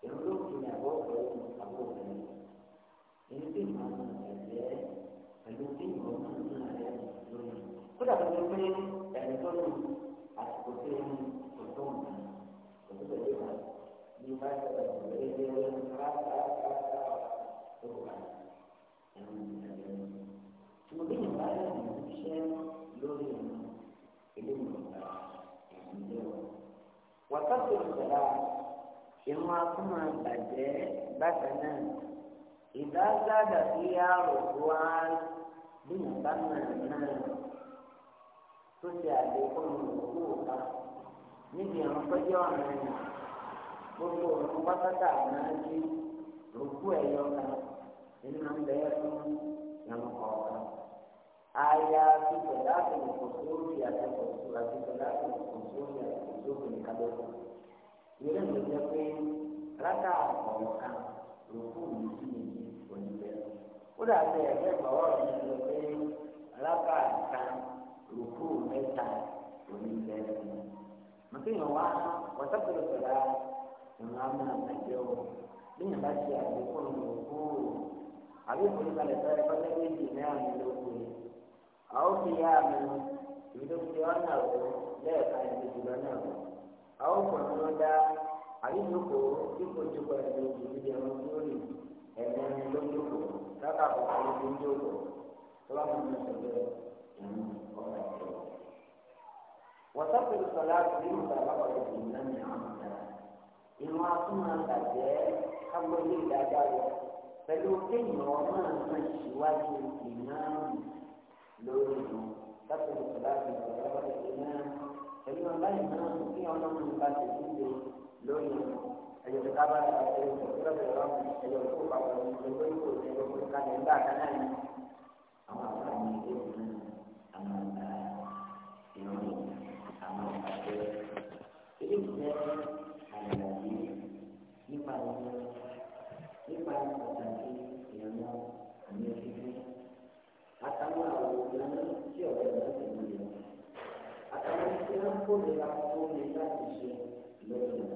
Speaker 1: èwo ló fi ní àbọ̀ ọ̀pọ̀ ìlú àbọ̀ ọ̀pọ̀ ìlú èyí tí ìmọ̀ àwọn ẹ̀jẹ̀ pẹ̀lú tí ìmọ̀ àwọn ẹ̀jẹ̀ lórí kódà tó ti pé ẹ̀rẹ̀ wàtàkùn ìṣẹ̀lá ìmọ̀ akúmọ̀ àgbàjẹ́ bákan náà ìdásáàdà sí àròkọ ààrùn bí nàbàmà náà tó ṣe àlékún ìlú òkà níbi àwọn pẹ́jọ́ ọ̀nà ẹ̀yìn gbogbo òun pátákà náà jí rògbò ẹ̀yọ kan nínú ọ̀bẹ fún ìyàwó kọ̀ọ̀kan. Aya ti pẹ̀lá ti kò sórí àti àti pẹ̀lá ti kò sórí àti kò sórí Ìrẹ́ mi jẹ́ pé rákà kọ̀ọ̀kan rògbò mi sí ìyí oníbẹ̀rẹ̀. Ó dàbí ẹ̀fẹ́ gbọ́wọ́ mi lọ pé rákà kan rúkú mẹ́ta òní bẹ́ẹ̀ ni mọ̀tẹ́yìn wá wọ́sàkùnrin pẹ̀lá ìrìn àmà àjẹ́ o lẹ́yìn bá ṣe àdékùn rúkú àbí ìfòyí balẹ̀ sọ́yẹ́ bọ́lá méjì mẹ́rin lóko yìí àwọn fi yá mi ìbí tó fi ọ̀nà òkú lẹ́ẹ̀ka ìbejì lọ́nà òkú àwọn kùnrin ló dá àbí ìjókòó dípò ìjókòó tí ó rì ẹ̀mẹ́rin ló tó bá fún mi sọ̀rọ̀ وتقل الصلاة بما تبقى من لم يعمل إنه أصنع تجاه حول الله pẹ̀lú kéèyàn ọmọ náà ṣíwájú ìmáàmù lórí ìlú lápẹ̀lú ìsọ̀láàbí ìsọ̀láàbí ìmáàmù pẹ̀lú ọba ìmáàmù kí ọlọ́mọ nípa ti dúró lórí ìlú ẹ̀yọ̀ tó kábà ẹ̀yọ̀ tó kúrò bẹ̀rẹ̀ ọ̀hún ẹ̀yọ̀ tó pàpọ̀ ẹ̀yọ̀ tó kúrò ẹ̀yọ̀ tó kúrò kalẹ̀ ńgbà kan náà ni àwọn àgbà àwọn ọ̀gá ìrìn àwọn ọ̀gá bẹ́ẹ̀. Èyí jẹ́ àlàyé nípa ìwé nípa pàtàkì ìrànà àmì ìfẹ́. Àtàwọn àwọn ìrànà tí ọ̀rẹ́ rẹ̀ ti mú lọ. Àtàwọn tí wọ́n kó lè ra owó lè láti ṣe lọ́dún.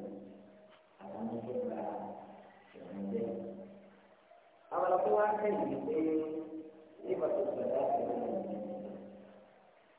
Speaker 1: Àwọn tó gba ìrànà bẹ́ẹ̀. Àwọn tó wá kẹ́yìn pé nígbà tó gbàdá ìrànà.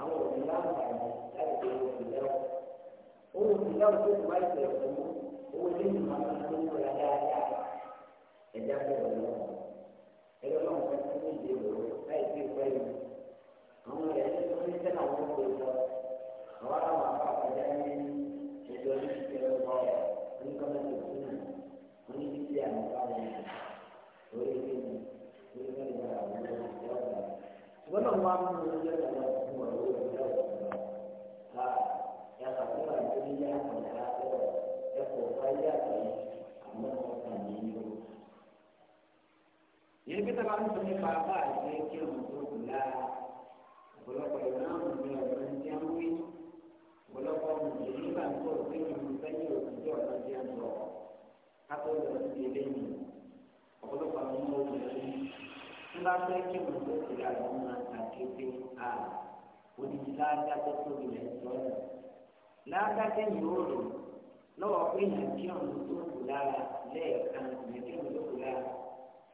Speaker 1: àwọn òbí láǹfààní láti fi owó ìlẹ́ ọ̀. owó ìlẹ́ ọ̀ tó ti wá ìpè fún owó ilé ìmọ̀ àwọn tó ń wọlé dáadáa ẹ̀dá bẹ̀rẹ̀ lọ. ẹ̀rọ náà fẹ́ fún mi ìdè wò láì fi ìfẹ́ mi. àwọn ẹ̀rọ ní tó ní sẹ́nà wọn kò lọ. àwọn àwọn àpá àpàdé ní ìjọ ní ìfẹ́ ọ̀ oníkọ́mẹ́tì fún mi wọ́n àwọn ọmọ bá àgbẹ̀ kí ọ̀nà tó kù lára ọ̀pọ̀lọpọ̀ ìmáàmù ní ọ̀nà tí a ń wí ọ̀pọ̀lọpọ̀ mùsùlùmí bá ń bọ̀ pé ìlú sẹ́yìn òkùnjọ́ ọ̀nà tí a ń sọ kátó lọ sí eléyìí ọ̀pọ̀lọpọ̀ àwọn ọmọ obìnrin ń bá fẹ́ kí ọ̀nà tó kù lára wọn máa tàkété à odidi láàdá tó tóbi rẹ̀ sọ́nà láàdá tẹ̀yìn ó rò lọ́wọ́ pé ìyàn kí ọ̀nà tó kù lára lẹ́ẹ̀kan ìyàn kí ọ̀nà tó kù lára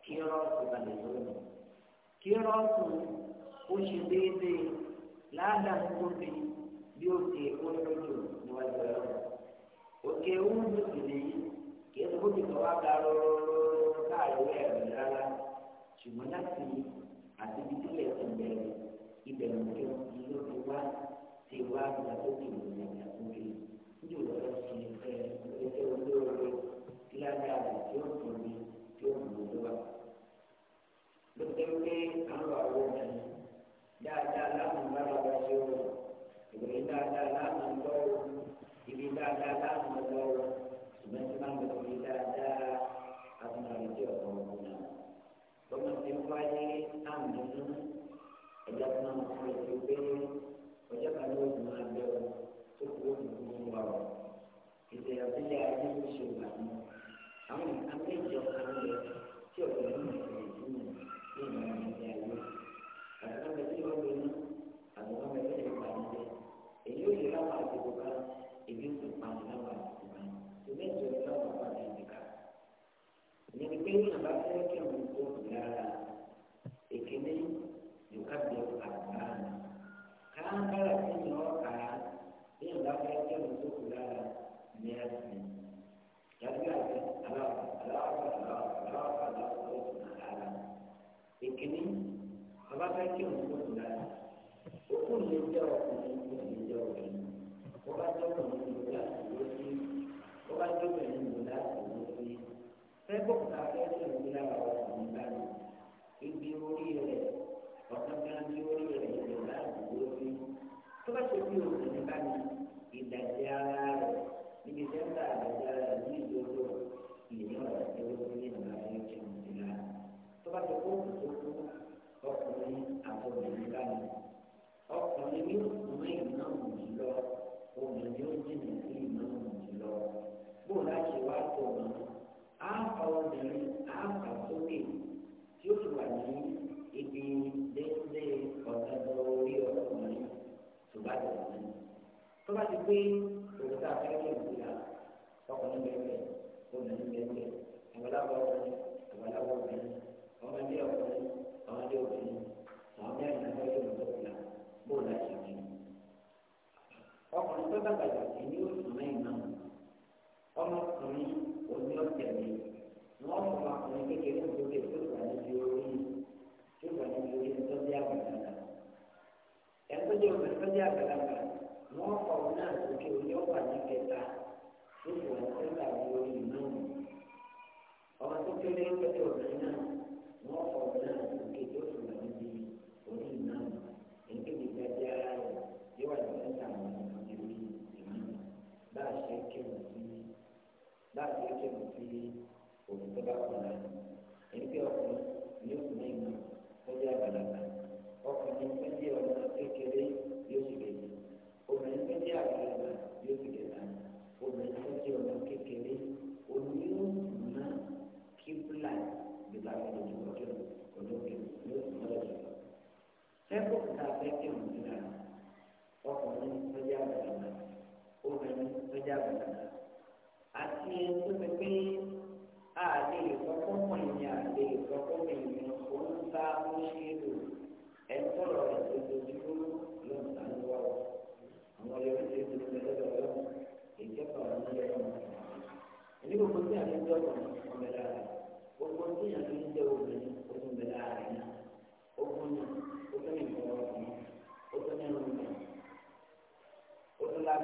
Speaker 1: kí ọ̀rọ̀ ọ̀sẹ̀ balẹ̀ lónìí kí rọ́ọ̀tún ó ṣe déédéé ládàá tó bí bí ó ti olójó níwájú ẹ̀rọ. òkè oúnjẹ sì ni kí ẹni bóbi kan wá ga rọ́ọ̀rọ̀ káàlù ẹ̀rọ rárá ṣùgbọ́n láti àti ibi tí ẹ̀sìn bẹ̀rẹ̀ ibẹ̀ lókè ló ti wá ti wá ìgbà tó kì í ní ìgbà tó kì í ní ìgbà tó kì í ẹ̀ ẹ̀ ẹ̀ olóore kí ládàá tí ó tún tí ó mú lọ́wọ́ ló jẹ́ pé àwọn àwọn ọ̀nà dáadáa láàmú bára wa ṣe wọ̀ ìròyìn dáadáa láàmú lọ́wọ́ ibi dáadáa láàmú lọ́wọ́ ṣùgbọ́n tí máa ń bọ̀ ibi dáadáa àwọn àlejò ọ̀rọ̀ ọ̀nà lọ́mọ tí ń wáyé àmì nínú ẹ̀jẹ̀ tó máa ń fún ẹ̀jẹ̀ pé ọjọ́ kan ló ń máa bẹ̀ tó kú ó ń fún wa ọ̀ ìṣẹ̀lẹ̀ àbílẹ̀ ayé ń ṣe ní àwọn nǹkan méjì ọ̀kan rẹ̀ tí ọ̀dọ́ fẹ́ kí òun kó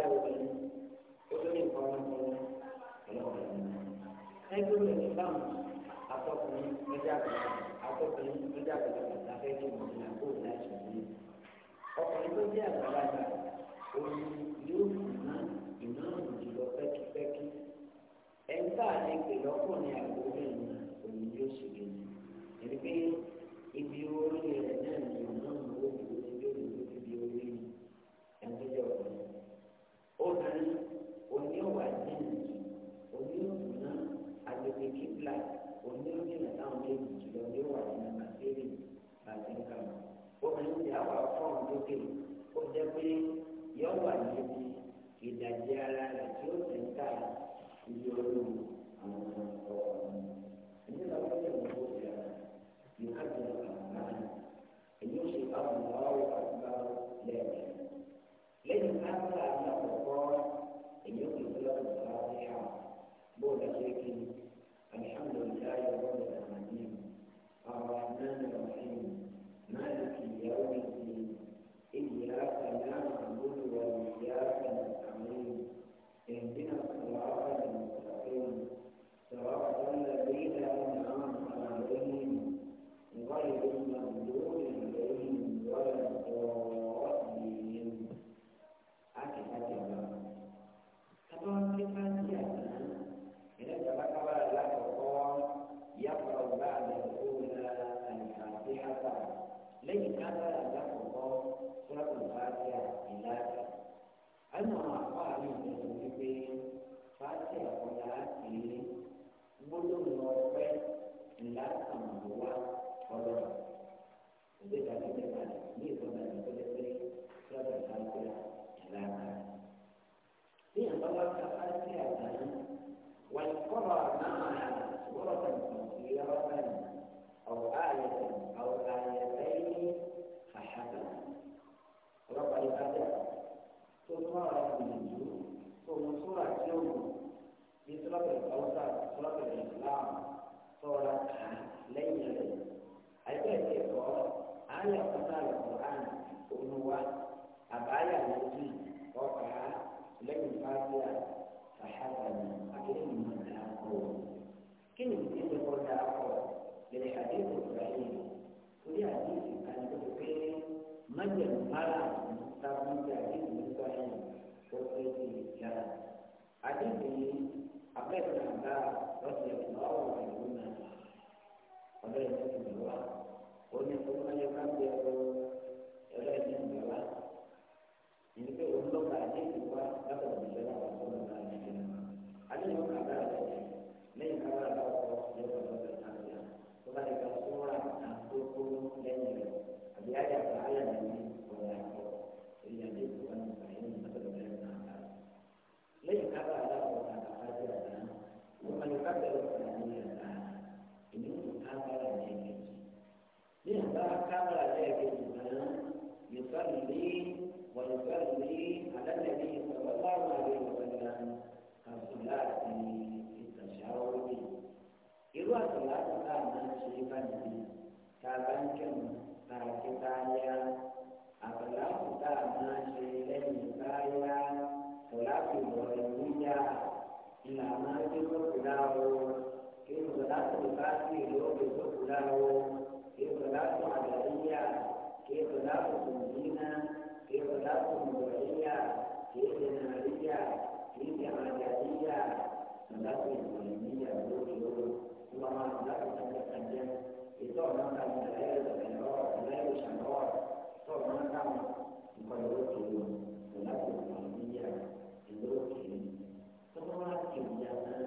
Speaker 1: alẹ́ òbí ó tó ní nǹkan ọmọkùnrin ọlọ́kùnrin ẹgbẹ́ òbí báwọn atọ́kùnrin lọ́jà àgbàlá atọ́kùnrin lọ́jà àgbàlá láfẹ́ kí wọ́n ti àgbo láti ṣe ọkùnrin tó jẹ́ àgbàlagbà òun yóò fún náà ìmọ̀ràn jùlọ pẹ́kípẹ́kí ẹni tá a lè pè lọ́kùnrin àgbòrìn òun yóò sì lè ní ẹni pé ibi orí rẹ̀ náà ni ọ̀nà òun ó dúró sí lórí ibi ẹni tó jẹ́ ọkùnrin obìnrin oníwàdìí oníwùnà agbègbè kíbla oníwùnà táwọn méjì jùlọ oníwàdìí àtẹ́rì àtẹ́ǹkà obìnrin ti àwọn afọ́n lókè ó jẹ́ pé yọ wà níbi ìdajì ara rẹ̀ tí ó ti ń ta iye olóhùn àwọn ọmọ ọ̀rọ̀. haúsá sọ́ọ̀tù islam sọ́ọ̀rà kan lẹ́yìn rẹ̀ àìsí ẹ̀jẹ̀ kọ́ àyà kọ́tà lọ́kùnrin olúwa àbáyà méjì ọkà lẹ́yìn fásíà sàhàbàmì akéwì mọ̀nà kọ́ kí ni ìdíje kọ́ dáa kọ́ lẹ́yìn àdéhùn ibrahim orí àdéhùn kan tó pé májèlú mara tábìlì àdéhùn ibrahim ó fẹ́ di ìjà àdéhùn yìí. عبد بن عباس رضي الله عنهما قبل أن يكون ثم يكبر lao kìí sọ̀láàtù bùkátì lóògbé tó kù lao kìí sọ̀láàtù àdàlíyà kìí sọ̀láàtù tòmìnà kìí sọ̀láàtù mùbọ̀líyà kìí sẹ̀nàlíyà kìí sẹ̀nàlíyà sọ̀láàtù ìgbòlíyà lóògbé tó wà máa sọ̀láàtù kàjẹ́kàjẹ́ ètò ọ̀nà kàjẹ́ ẹ̀rọ ẹ̀rọ ẹ̀rọ ìṣàkọ́ tó ọ̀nà kàwọn nǹkan lóògbé tó sọ̀láàtù ìgbòlíyà lóògbé tó wà máa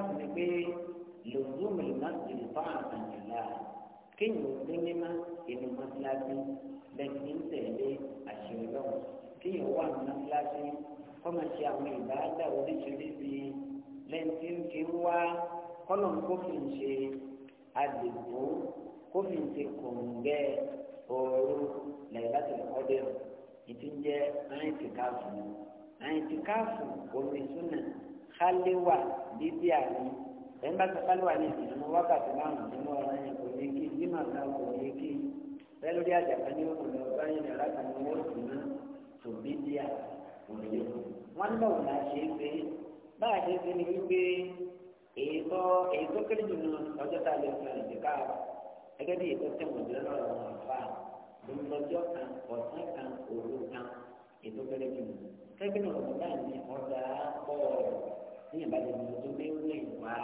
Speaker 1: sì ni pé lòzùmù ìmọ̀sílì fáwọn àjùlá kéèyàn ò sí mímá inú mọ́síláṣí lẹ́yìn ń tẹ̀lé àṣẹ ọlọ́run kéèyàn wà ní mọ́síláṣí kọ́mọ ṣe àwọn ìbáradà oríṣiríṣi lẹ́yìn tí ń fi ń wá kọ́lọ̀ kó ṣe àdìgbò kó ṣe kòǹgẹ́ ooru lẹ́yìn láti lọ́kọ́ dẹ̀rọ̀ ìtúnjẹ́ àìsíkáàfù àìsíkáàfù omi súnà kálíwà bíbí àní ẹ̀ ń bá sọ kálíwà ní ìdìbò wákàtí márùn nínú ọ̀rọ̀ yẹn kò ní kí bímọ náà kò ní kí bẹ́ẹ̀ lórí àjàkà ní òkú lọ bá yẹn yàrá kan ní wọ́n sì ní tó bíbí à òye. wọ́n lọ wọ́n àṣẹ pé bá àṣẹ pé ní wípé èèkọ́ èèkọ́ kéré jù nù ọjọ́ tá a lè fún àdìgá gẹ́gẹ́ bí èèkọ́ tẹ̀wọ̀n jù lọ́rọ̀ àwọn àfà lọ́jọ́ kan ọ̀sán ní ìbàdàn ní ojú méwé wá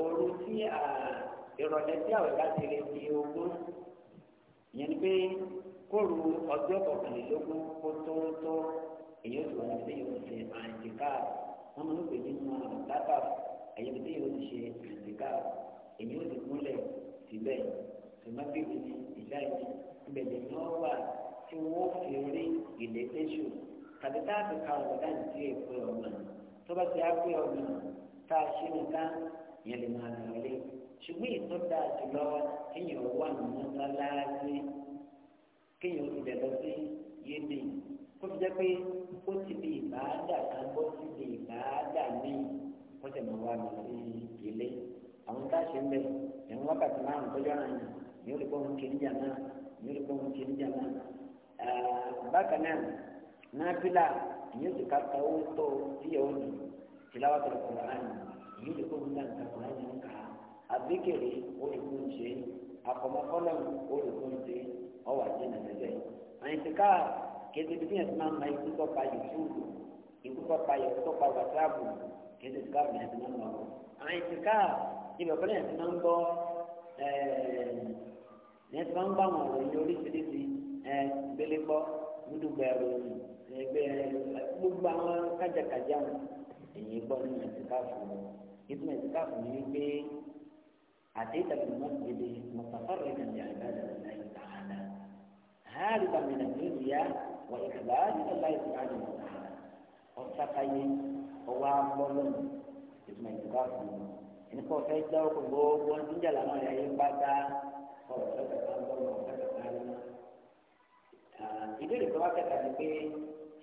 Speaker 1: ooru tí ìrọ̀lẹ́ tí àwẹ̀ bá ti rẹ̀ di ogún ìyẹn ni pé kóru ọjọ́ kọkànlélógún kó tó tó èyí ó ti wà níbi tí yóò ṣe àǹtíkà wọn mú pè nínú àbábà èyí tí yóò ti ṣe àǹtíkà èyí ó ti múlẹ̀ síbẹ̀ tòmátìrì ní ìlà yìí ìbẹ̀lẹ̀ náà wà tí wọ́n fi rí ìdẹ́tẹ́sù tàbí táàbù karùn-ún láti èkó ọ̀gbọ̀n tó bá ti á pé ọ̀nà tá a ṣe nìkan yẹn lè máa lọ ilé ṣùgbọ́n ìtọ́ dáa jùlọ kéèyàn wà mọ́sálásí kéèyàn ti dẹ̀ lọ sí yéde kó fi jẹ́ pé ó ti di ìbáàdà kan bó ti di ìbáàdà míì kó sì máa wà lọ sí ilé àwọn tá a ṣe ń bẹ ẹ̀wọ̀n wákàtí márùn tọ́jú ara yẹn ni ó lè kìíní jàmá ni ó lè gbóhùn kìíní jàmá bákan náà náfìlà ìyẹn ti kàkà owó tó fíyà ó nì tìláwà tó kọ̀ọ̀rọ̀ hàn ìyẹn ti kó ń dá nǹkan kọ̀ọ̀rọ̀ hàn ká abékèrè olùkó ń ṣe àkọ́mọ́kọ́lọ́ olùkó ń ṣe ọwọ́ àti nàìjíríà àyìntìká kéde bí yẹn ti máa ma ikú tó pa yòókù ikú tó pa yòókù tó pa wàtúràbù kéde tí káàbù yẹn ti máa ma wọ àyìntìká ibà fẹ́lẹ́ yẹn ti máa ń bọ́ eh, yẹn ti máa ń bá àwọn ọ̀rọ̀ yẹn oríṣiríṣi eh, gbélé gbọ́ gbúdúgbẹ̀rù ẹgbẹ́ gbogbo àwọn kájàkájà ẹ̀yìn gbọ́ ní ẹ̀sìkáàfù ìtumọ̀ ẹ̀sìkáàfù ni wípé àtẹ́tà fi mọ́ gbèdé mọ̀tàfàrọ̀ ìdàgbà ìbàdàn náà ìtàhánà hàlùbà mìíràn tó yíyá wà ìkàbà nígbàlá ìtàhánà ìtàhánà ọ̀sákayé ọwọ́ abọ́lọ́ ìtumọ̀ ẹ̀sìkáàfù ẹni kọ́ fẹ́ gbá ọkọ̀ gbogbo ọdún jà làwọn ẹ̀yà yẹn bá dá ọ̀rọ̀ fẹ́ kàkà ń bọ̀ ọ̀rọ̀ fẹ́ kàkà ń bọ̀ ìbéèrè tó wá kẹta ni pé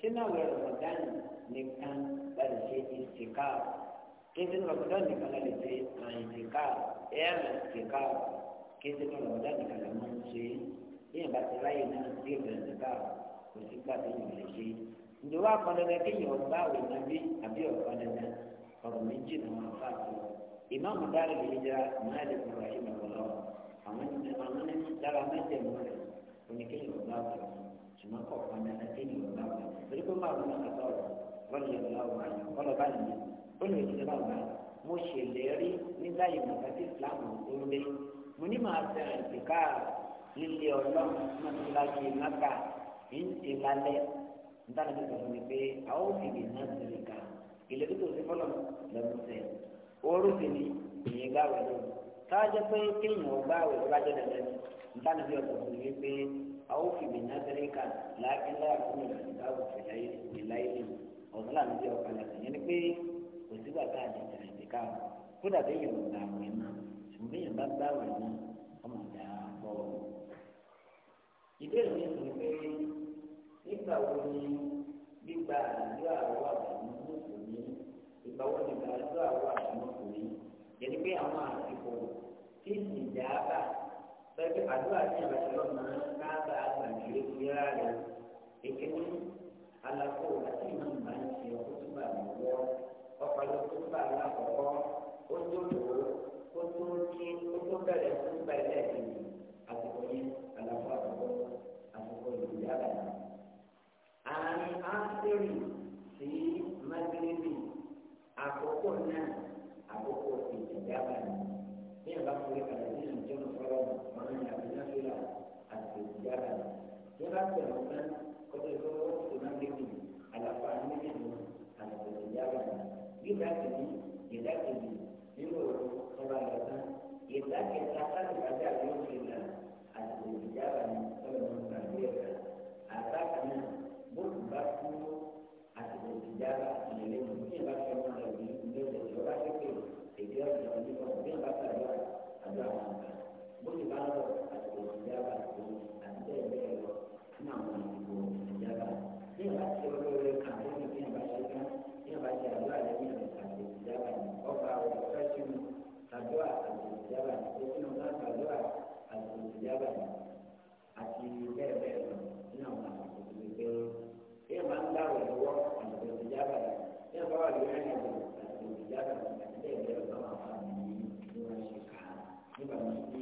Speaker 1: sínú àwọn rọmọdán nìkan láti ṣe ìsìká kéde ní rọmọdán nìkan láti ṣe àìsìká ẹ̀rọ ìsìká kéde ní rọmọdán nìkan láti máa ń ṣe yíyan bá ti ráyè náà sí ìgbà ìsìká kò sí gbà tó yàn lè ṣe ìjọba akọ̀dọ̀dọ̀ kéèyàn bá òwe náà bí àbí ọ̀kọ̀dọ̀dọ̀ ọ̀rọ̀ méjì ni wọ́n fà sí ìmáàmù dára lè yíra Malik rahimahullah àwọn ẹni dára mẹ́tẹ̀ẹ̀mọ́ rẹ̀ oníkéèyàn bá òwe náà ṣùgbọ́n kọ̀ọ̀kan dáadáa tí ènìyàn bá wà torí pé máa wọn kàtọ́ ọ̀rọ̀ lọ́dọ̀ yẹn lọ́wọ́ àyàn kọ́lọ̀ bá nìyẹn ó lè ṣe báwọn àyàn mo ṣèlérí nígbà ìmọ̀ta tí Islam tó ń dé mo ní màá bẹ̀rẹ̀ ìdíkà líle ọlọ́run máa ti láti máka ní ti lálẹ́ nítorí pé sọ̀rọ̀ mi pé a ó fi lè ná ká ìlérí tó ti fọ́lọ̀ lọ́mọ̀ọ́sẹ̀ oorun sì ni ìyẹn gbà wẹ̀ lónìí káwájọ pé kéèyàn gbà wẹ̀ lọ́bàjọ́ dẹ̀dẹ̀ nítorí pé ọ̀sán mi pé أوف بنذرك لكن لا يكون الاحتساب في ليل بليل ọ̀sán àti ìjọ ọ̀kan lẹ́sìn yẹn ni pé kò sígbà tá a lè tẹ̀lé ìdíkà kódà bí èèyàn gbà wẹ̀ náà ṣùgbọ́n bí èèyàn bá gbà wẹ̀ náà ọmọ ìdá bọ̀ ọ́. ìbéèrè mi sọ pé nígbà wo ni gbígba àdúrà wà fún mùsùlùmí ìgbà wo ni gbàdúrà wà fún mùsùlùmí yẹn ni pé àwọn àsìkò tí ìdí àbá bẹ́ẹ̀ni àdúrà ní ìbẹ̀rẹ̀ lọ́nà káàbà àgbàgbé ìyára rẹ̀ èkéwì alako àti ìmọ̀ ìmọ̀ ìṣe ọkùnrin àgbọ̀wọ́ ọ̀pọ̀lọpọ̀ kútùbà alákọ̀ọ́kọ́ ó tó lò ó ó tó kí ó tó bẹ̀rẹ̀ kútùbà ẹlẹ́ẹ̀kejì àsìkò yẹn alako àkọ́kọ́ àsìkò ìyára rẹ̀. àárín áńtẹ́rì sí mágírẹ́bì àkókò náà àkókò ìjọba rẹ̀ bí ìbá fúri kàlẹ́ nínú ìjọba fọlọ́mù dáadáa yóò bá tẹ̀lé ọ̀gá kọ́tọ́ ìfọwọ́ tó máa ń gbé àlàfo àwọn méjèèjì àlàfo ìyára bí ìdá kejì ìdá kejì nínú ọ̀rọ̀ ọba ìyàtọ̀ ìdá kẹta sábà nígbà tí